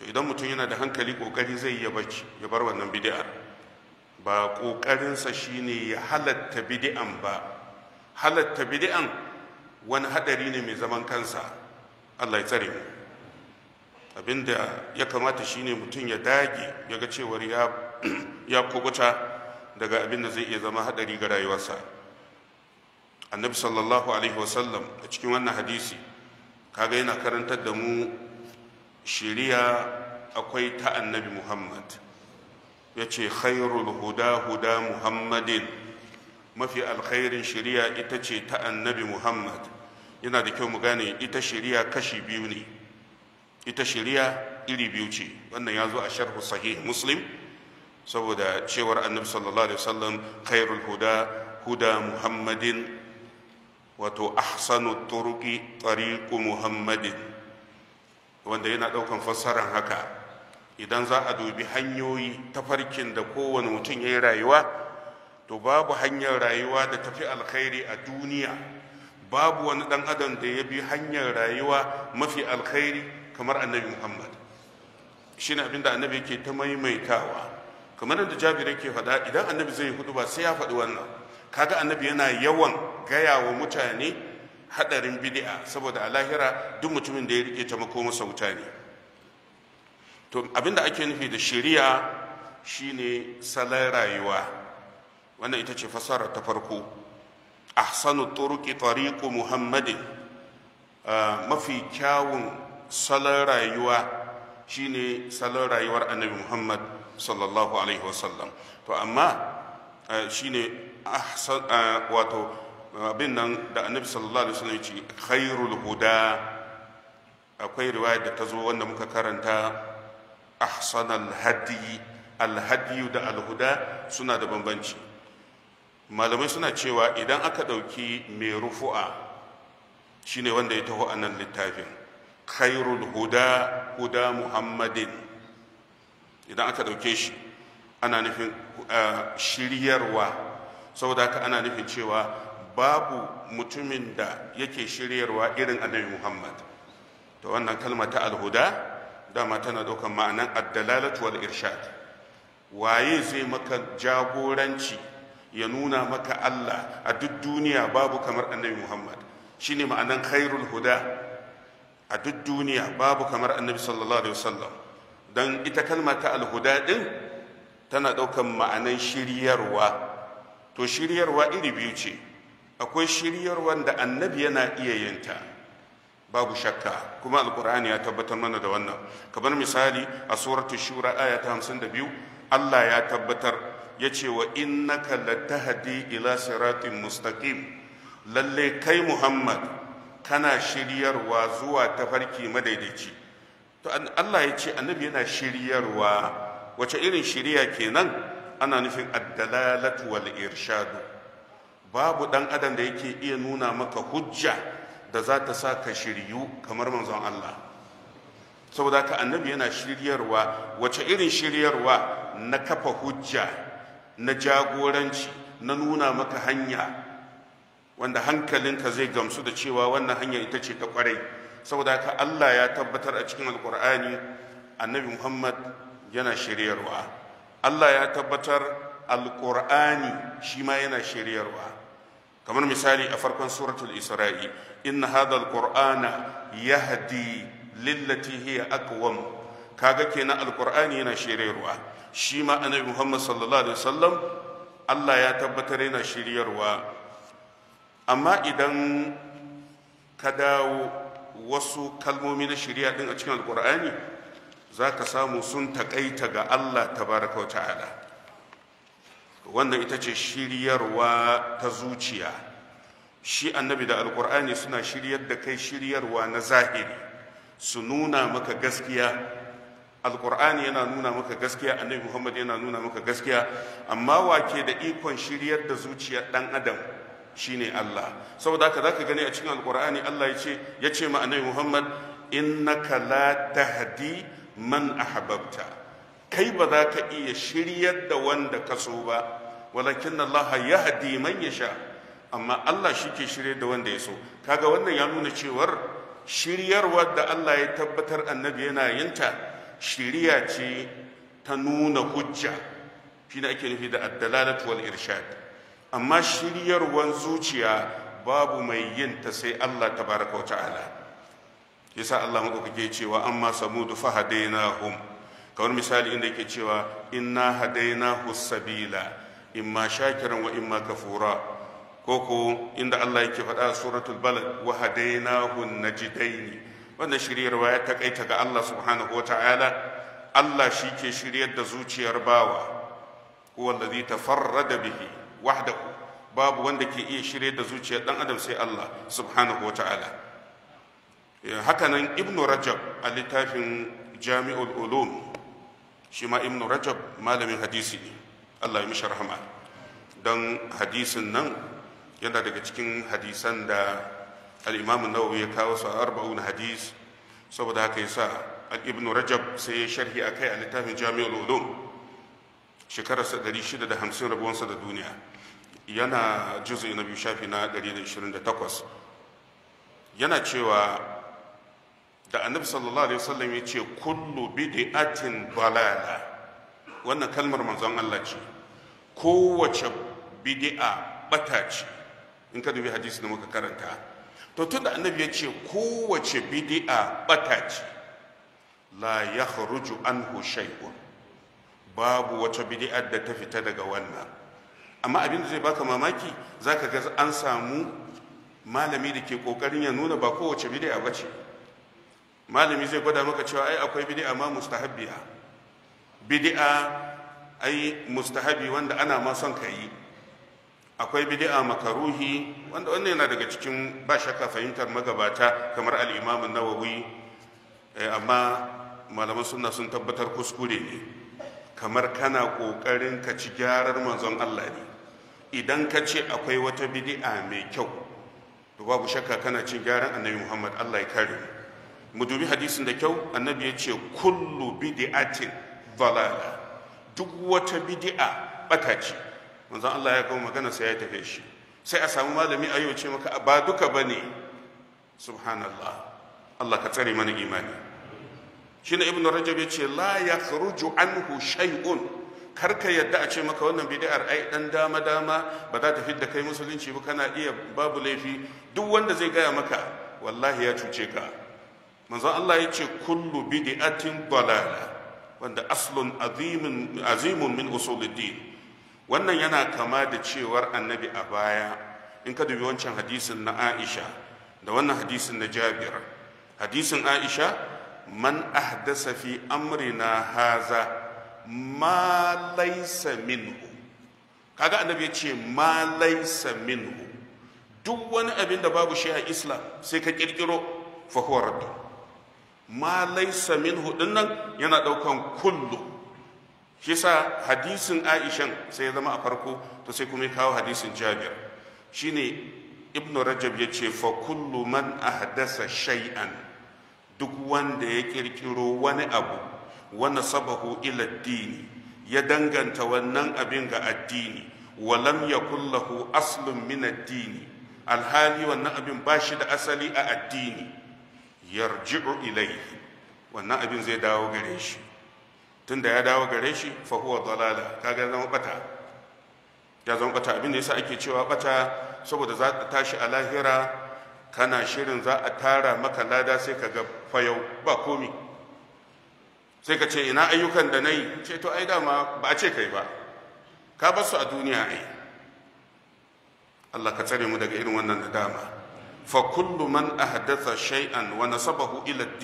to idan mutum yana da hankali kokari zai yi bacci ya bar wannan bid'a ba kokarinsa shine ya halatta bid'an ba halatta bid'an wani hadari ne mai zaman kansa Allah ya tsare mu abinda ya kamata shine mutum ya dage ya ga cewar ya ya kubuta daga abinda zai iya zama hadari ga rayuwarsa annabi sallallahu alaihi wasallam a cikin wannan hadisi kaga yana karantar da mu shiriya akwai ta annabi muhammad ya ce khairul huda huda muhammadin mafi alkhairin shiriya ita ce ta annabi muhammad yana da kyau mu gane ita shiriya kashi biyu ne ita shiriya iri biyu ce wannan ya zo a sharhu sahih muslim saboda cewar annabi sallallahu alaihi wasallam khairul huda huda muhammadin wato ahsanu Turki tariku muhammadin wanda yana ɗaukan fassarar haka idan za a dubi hanyoyi tafarkin da kowane mutum ya yi rayuwa to babu hanyar rayuwa da tafi alkhairi a duniya babu wani ɗan adam da ya bi hanyar rayuwa mafi alkhairi kamar annabi muhammad shi ne abinda annabi yake ta maimaitawa kamar da jabir yake faɗa idan annabi zai hudu ba sai ya faɗi wannan kaga annabi yana yawan gaya wa mutane hadarin bid'a saboda a lahira duk mutumin da ya rike ta masa wuta ne to abinda ake nufi da shari'a shine salon rayuwa wannan ita ce fasara ta farko ahsanu turuqi tariqu muhammadin mafi kyawun salon rayuwa shine salon rayuwar annabi muhammad sallallahu alaihi wasallam to amma shine ahsan wato abin nan da annabi sallallahu alaihi wasallam ce khairul huda akwai riwaya da ta zo wanda muka karanta ahsanal hadi alhadi da alhuda suna da bambanci malamai suna cewa idan aka ɗauki mai rufu'a shine wanda ya taho a littafin khairul huda huda muhammadin idan aka ɗauke shi ana nufin eh, shiryarwa saboda haka ana nufin cewa babu mutumin da yake shiryarwa irin annabi muhammad to wannan kalma ta alhuda dama tana ɗaukar ma'anan addalalatu wal irshad waye zai maka jagoranci ya nuna maka allah a duk duniya babu kamar annabi muhammad shine ma'anan khairul huda a duk duniya babu kamar annabi sallallahu alaihi wasallam don ita kalma ta alhuda din tana ɗaukar ma'anan shiryarwa to shiryarwa iri biyu ce akwai shiriyar wanda annabi yana iya yinta babu shakka kuma alkur'ani ya tabbatar mana da wannan kamar misali a suratu shura aya ta 52 Allah ya tabbatar ya ce wa innaka latahdi ila siratin mustaqim lalle kai Muhammad kana shiryarwa zuwa tafarki madaidaici to Allah ya ce annabi yana shiryarwa wace irin shiriya kenan ana nufin addalalatu wal irshadu babu ɗan adam da yake iya nuna maka hujja da za ta sa ka shiryu kamar manzon Allah saboda ka annabi yana shiryarwa wace irin shiryarwa na kafa hujja na jagoranci na nuna maka hanya wanda hankalinka zai gamsu da cewa wannan hanya ita ce ta kwarai saboda ka Allah ya tabbatar a cikin alkur'ani annabi Muhammad yana shiryarwa Allah ya tabbatar alkur'ani shi ma yana shiryarwa kamar misali a farkon suratul isra'i inna hadha alqur'ana yahdi lillati hiya aqwam kaga kenan alqur'ani yana shiryarwa shi ma annabi muhammad sallallahu alaihi wasallam Allah ya tabbatar yana shiryarwa amma idan ka dawo wasu kalmomi na shirya din a cikin alkur'ani za ka samu sun takaita ga allah tabaraka wa ta'ala wannan ita ce shiryarwa ta zuciya shi annabi da alkur'ani suna shiryar da kai shiryarwa na zahiri su nuna maka gaskiya alkur'ani yana nuna maka gaskiya annabi muhammad yana nuna maka gaskiya amma wake da ikon shiryar da zuciyar dan adam shine allah saboda haka zaka gani a cikin alkur'ani allah ya ce ya ce ma annabi muhammad innaka la tahdi man ahbabta kai ba za ka iya shiryar da wanda ka so ba walakin Allah ya man yasha amma Allah shi ke shirye da wanda ya so kaga wannan ya nuna cewar shiryarwar da Allah ya tabbatar annabi yana yinta shiriya ce ta nuna hujja shine ake nufi da wal irshad amma shiryarwar zuciya babu mai yinta sai Allah tabaraka wa ta'ala yasa Allah muka kake cewa amma samudu fahadainahum kawar misali inda yake cewa inna hadainahu sabila imma shakiran wa imma kafura koko inda Allah yake faɗa a suratul balad wa hadainahu najidaini wannan shiryarwa ya takaita ga Allah subhanahu wa ta'ala Allah shi ke shiryar da zuciyar bawa huwa allazi tafarrada bihi wahdahu babu wanda ke iya shiryar da zuciyar dan adam sai Allah subhanahu wa ta'ala eh, hakanan ibnu rajab a littafin jami'ul ulum shi ma ibnu rajab malamin hadisi ne allah ya mishi rahama don hadisin nan yana daga cikin hadisan da al'imamu nawawi ya kawo su a arba'un hadis saboda haka yasa al-ibn rajab sai ya sharhi akai a littafin jami'ul ulum shekararsa 650 rabuwansa da duniya yana juzu na biyu shafi na 128 yana cewa da annabi sallallahu alaihi wasallam ya ce kullu bid'atin balala wannan kalmar manzon Allah ce kowace bid'a bata ce in ka dubi hadisi da muka karanta to tun da annabi ya ce kowace bid'a bata ce la yakhruju anhu shay'un babu wata bid'a da ta fita daga wannan amma abin da zai baka mamaki zaka ga an samu malami da ke kokarin ya nuna ba kowace bid'a bace ce malami zai gwada maka cewa ai akwai bid'a ma mustahabbiya bid'a ai mustahabi wanda ana ma son ka yi akwai bid'a makaruhi wanda wannan yana daga cikin ba shakka fahimtar magabata kamar al-Imam nawawi eh, amma malaman sunna sun tabbatar kuskure ne kamar kana kokarin ka ci gyarar manzon Allah ne idan ka ce akwai wata bid'a mai kyau to babu shakka kana cin gyaran annabi Muhammad Allah ya kare mu dubi hadisin da kyau annabi ya ce kullu bidi'atin dalala duk wata bidi'a bata ce manzon Allah ya gama magana sai ya tafi shi sai a samu malami a yau ce maka ba duka bane subhanallah Allah ka tsare mana imani shine ibnu rajab ya ce la yakhruju anhu shay'un kar ka yadda a ce maka wannan bid'ar ai dan dama dama ba za ta fidda kai musulunci ba kana iya babu laifi duk wanda zai gaya maka wallahi ya cuce ka manzon Allah ya ce kullu bid'atin dalala wanda aslun azimin azimun min usuluddin wannan yana kama da cewar annabi a baya in ka dubi wancan hadisin na Aisha da wannan hadisin na Jabir hadisin Aisha man ahdasa fi amrina haza ma laysa minhu kaga annabi ya ce ma laysa minhu duk wani abin da babu shi a islam sai ka kirkiro fa huwa raddu ma min hudun nan yana daukan kullu shi sa hadisin Aishan sai ya zama a farko to sai kuma ya kawo hadisin Jabir shine Ibn Rajab ya ce fa kullu man ahdasa shay'an duk wanda ya kirkiro wani abu wanda sabahu ila dini ya danganta wannan abin ga addini walam yakul lahu aslun min addini alhali wannan abin bashi da asali a addini yarji'u ilaihi wannan abin zai dawo gare shi tunda ya dawo gare shi fa huwa dalala kaga zama bata ya zama bata abin da yasa ake cewa bata saboda za ta tashi a lahira kana shirin za a tara maka lada sai ka ga fayau ba komi sai ka ce ina ayyukan da nayi yi ce to ai dama ba a ce kai ba ka bar su a duniya ai Allah ka tsare mu daga irin wannan nadama fa kullu man ahdatha shay'an wa nasabahu ila ad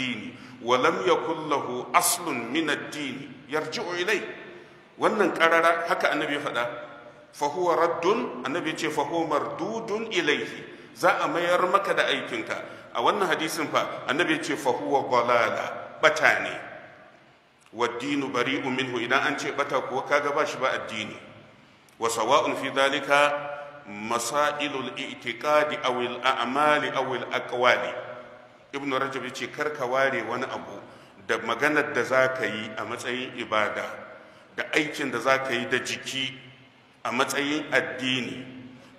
wa lam yakul lahu aslun min ad wannan karara haka annabi ya faɗa fa raddun annabi ce fa mardudun za a mayar maka da aikinka a wannan hadisin fa annabi ya ce fahuwa huwa bata ne wa dinu bari'un minhu idan an ce bata kuwa kaga ba shi ba addini wa sawa'un fi dalika masailul i'tiqadi aw al a'mali aw al aqwali ibn rajab ce, kar ka ware wani abu da maganar da zaka yi a matsayin ibada da aikin da za ka yi da jiki a matsayin addini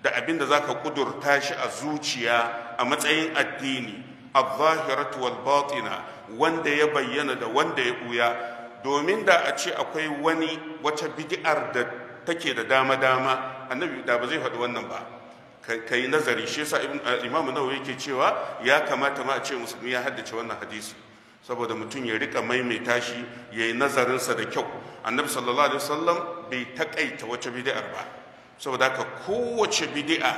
da abin da ka kudurta shi a zuciya a matsayin addini al-zahiratu wal batina wanda ya bayyana da wanda ya buya domin da a ce akwai wani wata bid'ar da take da dama-dama annabi da ba zai faɗi wannan ba ka yi nazari shi yasa eh, imamu nawa yake cewa ya kamata ma a ce musulmi ya haddace wannan hadisi saboda mutum ya rika maimaita shi ya yi nazarinsa da kyau annabi sallallahu alaihi wasallam bai takaita wace bid'ar ba saboda haka kowace bidi'a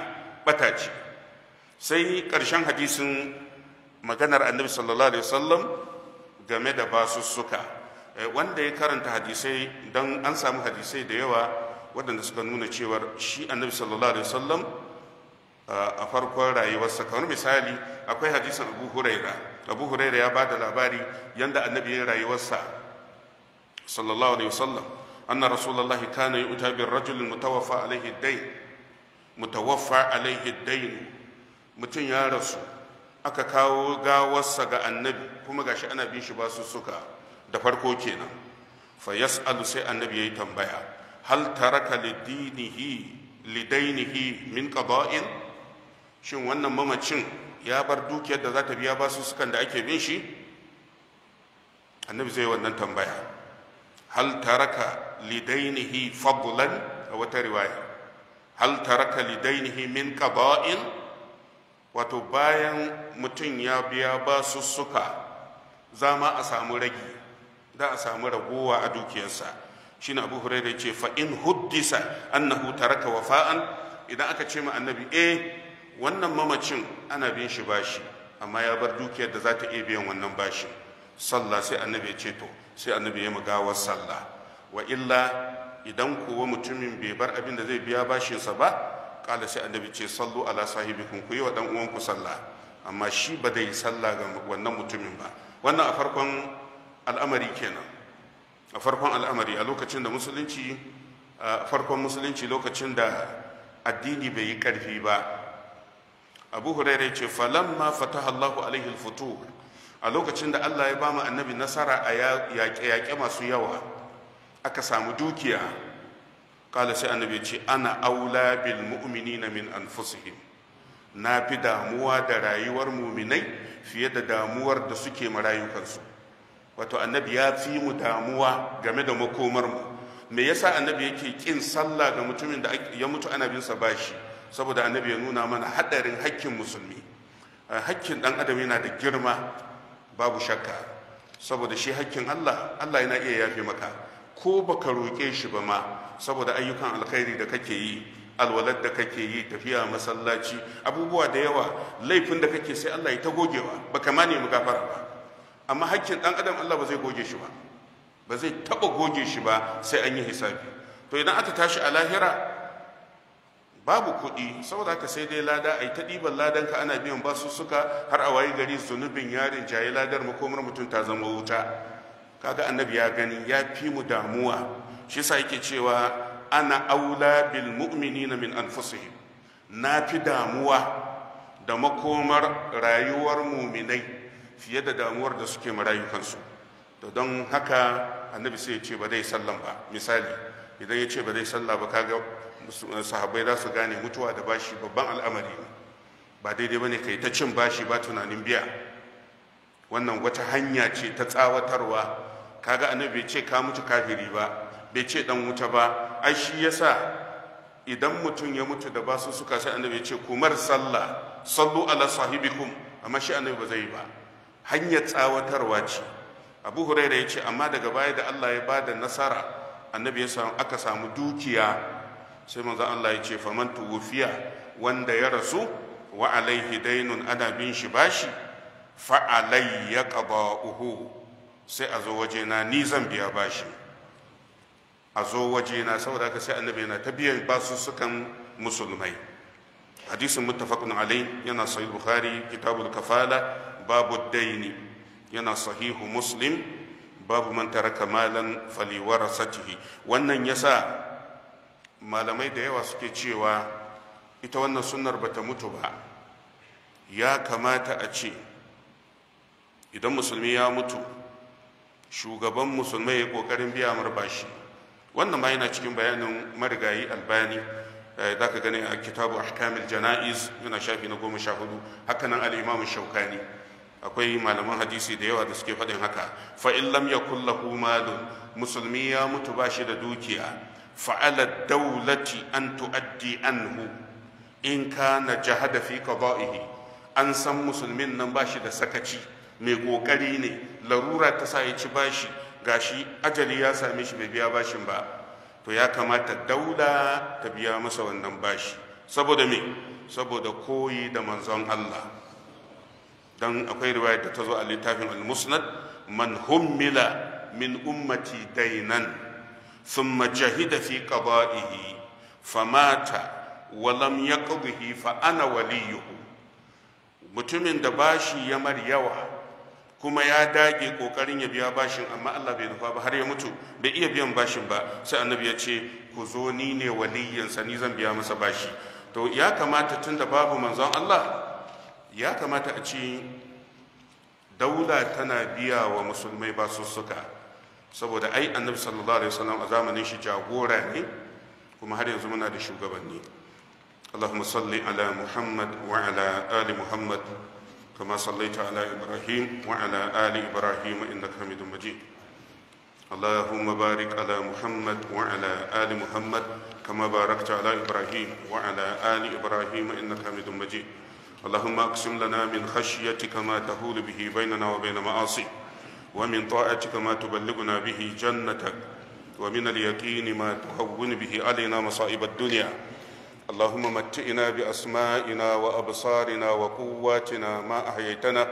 bata ce sai karshen hadisin maganar annabi sallallahu alaihi wasallam game da basussuka eh, wanda ya karanta hadisai don an samu hadisai da yawa waɗanda suka nuna cewar shi annabi sallallahu alaihi wasallam a farkon rayuwarsa kamar misali akwai hadisin abu huraira abu huraira ya ba da labari yadda annabi ya rayuwarsa sallallahu alaihi wasallam anna rasulullahi kana yu'ta bir rajul mutawaffa alaihi dayn mutawaffa alaihi dayn mutum ya rasu aka kawo gawarsa ga annabi kuma gashi ana bin shi basu suka da farko kenan fa yas'alu sai annabi yayi tambaya hal taraka lidinihi lidainihi min qada'in shin wannan mamacin ya bar dukiyar da za ta biya basu sukan da ake bin shi annabi zai wannan tambaya hal taraka lidainihi fadlan a wata riwaya hal taraka lidainihi min qada'in wato bayan mutum ya biya suka, za ma a samu ragi Za a samu ragowa a dukiyarsa shine abu hurairah ce fa in huddisa raka wa wafa'an idan aka ce ma annabi eh wannan mamacin ana bin shi bashi amma ya bar dukiyar da za ta iya biyan wannan bashi sallah sai annabi ya ce to sai annabi ya magawar sallah wa illa idan kowa mutumin bai bar abin da zai biya bashin sa ba kala sai annabi ce sallu ala sahibikum ku yi wa dan uwanku sallah amma shi ba da yi sallah ga wannan mutumin ba wannan a farkon al'amari kenan a farkon al'amari a lokacin da musulunci a farkon musulunci lokacin da addini bai yi ƙarfi ba abu huraira ce falamma fataha allahu alaihi alfutu a lokacin da allah ya ba mu annabi nasara a yaƙe-yaƙe masu yawa aka samu dukiya kala sai annabi ce ana aula bil mu'minina min anfusihim na fi damuwa da rayuwar muminai fiye da damuwar da suke marayukansu wato annabi ya fi mu damuwa game da makomar mu me yasa annabi yake kin sallah ga mutumin da ya mutu ana bin sa bashi saboda annabi ya nuna mana hadarin hakkin musulmi eh, hakkin dan adam yana da girma babu shakka saboda shi hakkin Allah Allah yana iya yafe maka ko baka roƙe shi ba ma saboda ayyukan alkhairi da kake yi alwalad da kake yi tafiya masallaci abubuwa da yawa laifin da kake sai Allah ya ta gogewa baka ma nemi gafara ba amma hakkin ɗan adam Allah ba zai goge shi ba ba zai taɓa goge shi ba sai an yi hisabi to idan aka tashi a lahira babu kuɗi saboda haka sai dai lada a yi ta ɗiban ladan ka ana biyan basu suka har a wayi gari zunubin yarin jayi ladar makomar mutum ta zama wuta kaga annabi ya gani ya fi mu damuwa shi sa yake cewa ana aula bil mu'minina min anfusihim na fi damuwa da makomar rayuwar muminai fiye da damuwar da suke marayukansu rayukansu to don haka annabi sai ya ce ba zai sallan ba misali idan ya ce ba zai sallah ba kaga sahabbai za su gane mutuwa da bashi babban al'amari ne ba daidai bane kai ta cin bashi ba tunanin biya wannan wata hanya ce ta tsawatarwa kaga annabi bai ce ka mutu kafiri ba bai ce dan wuta ba ai shi yasa idan mutum ya mutu da basu suka sai annabi ya ce kumar sallah sallu ala sahibikum amma shi annabi ba zai yi ba hanyar tsawatarwa ce abu huraira ya ce amma daga baya da allah ya ba da nasara annabi aka samu dukiya sai maza allah ya ce faman tuwufiya wanda ya rasu wa alaihi dainun ana bin shi bashi fa alayya qada'uhu sai a zo wajena ni zan biya bashi a zo wajena saboda haka sai annabi yana ta biyan basu sukan musulmai hadisin muttafaqun Ali yana sahih bukhari kitabul kafala babu daini yana sahihu muslim babu manta taraka malan faliwarasatihi wannan yasa malamai da yawa suke cewa ita wannan sunnar bata mutu ba ya kamata a ce idan musulmi ya mutu shugaban musulmai ya kokarin biya marbashi wannan ma yana cikin bayanin marigayi albani eh, za ka gani a kitabu ahkamil jana'iz yana shafi na goma sha hudu hakanan al'imamu shaukani akwai malaman hadisi da yawa da suke faɗin haka fa in lam yakul lahu malun musulmi ya mutu bashi da dukiya fa ala dawlati an tuaddi anhu in kana jahada fi qada'ihi an san musulmin nan bashi da sakaci mai kokari ne larura ta sa ya ci bashi gashi ajali ya same shi bai biya bashin ba to ya kamata daula ta biya masa wannan bashi saboda me saboda koyi da manzon Allah don akwai riwaya da ta zo a littafin al-musnad man hummila min ummati dainan thumma jahida fi qada'ihi famata wa lam yaqdihi fa ana waliyuhu mutumin da bashi ya mar yawa kuma ya dage kokarin ya biya bashin amma Allah bai nufa ba har ya mutu bai iya biyan bashin ba sai annabi ya ce ku zo ni ne waliyansa ni zan biya masa bashi to ya kamata tunda babu manzon Allah ya kamata a ce daula tana biya wa musulmai basussuka saboda ai annabi sallallahu alaihi wasallam a zamanin shi jagora ne kuma har yanzu muna da shugabanni اللهم صل على محمد وعلى آل محمد كما صليت على إبراهيم وعلى آل إبراهيم إنك حميد مجيد اللهم بارك على محمد وعلى آل محمد كما باركت على إبراهيم وعلى آل إبراهيم إنك حميد مجيد اللهم اقسم لنا من خشيتك ما تهول به بيننا وبين معاصيك ومن طاعتك ما تبلغنا به جنتك ومن اليقين ما تهون به علينا مصائب الدنيا اللهم متئنا باسمائنا وابصارنا وقواتنا ما احييتنا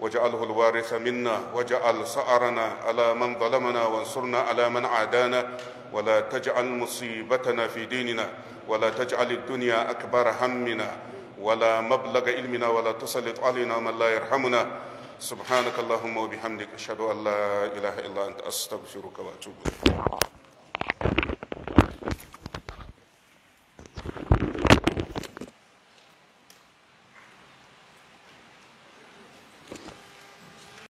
واجعله الوارث منا واجعل سعرنا على من ظلمنا وانصرنا على من عادانا ولا تجعل مصيبتنا في ديننا ولا تجعل الدنيا اكبر همنا ولا مبلغ علمنا ولا تسلط علينا من لا يرحمنا سبحانك اللهم وبحمدك أشهد أن لا إله إلا أنت أستغفرك وأتوب إليك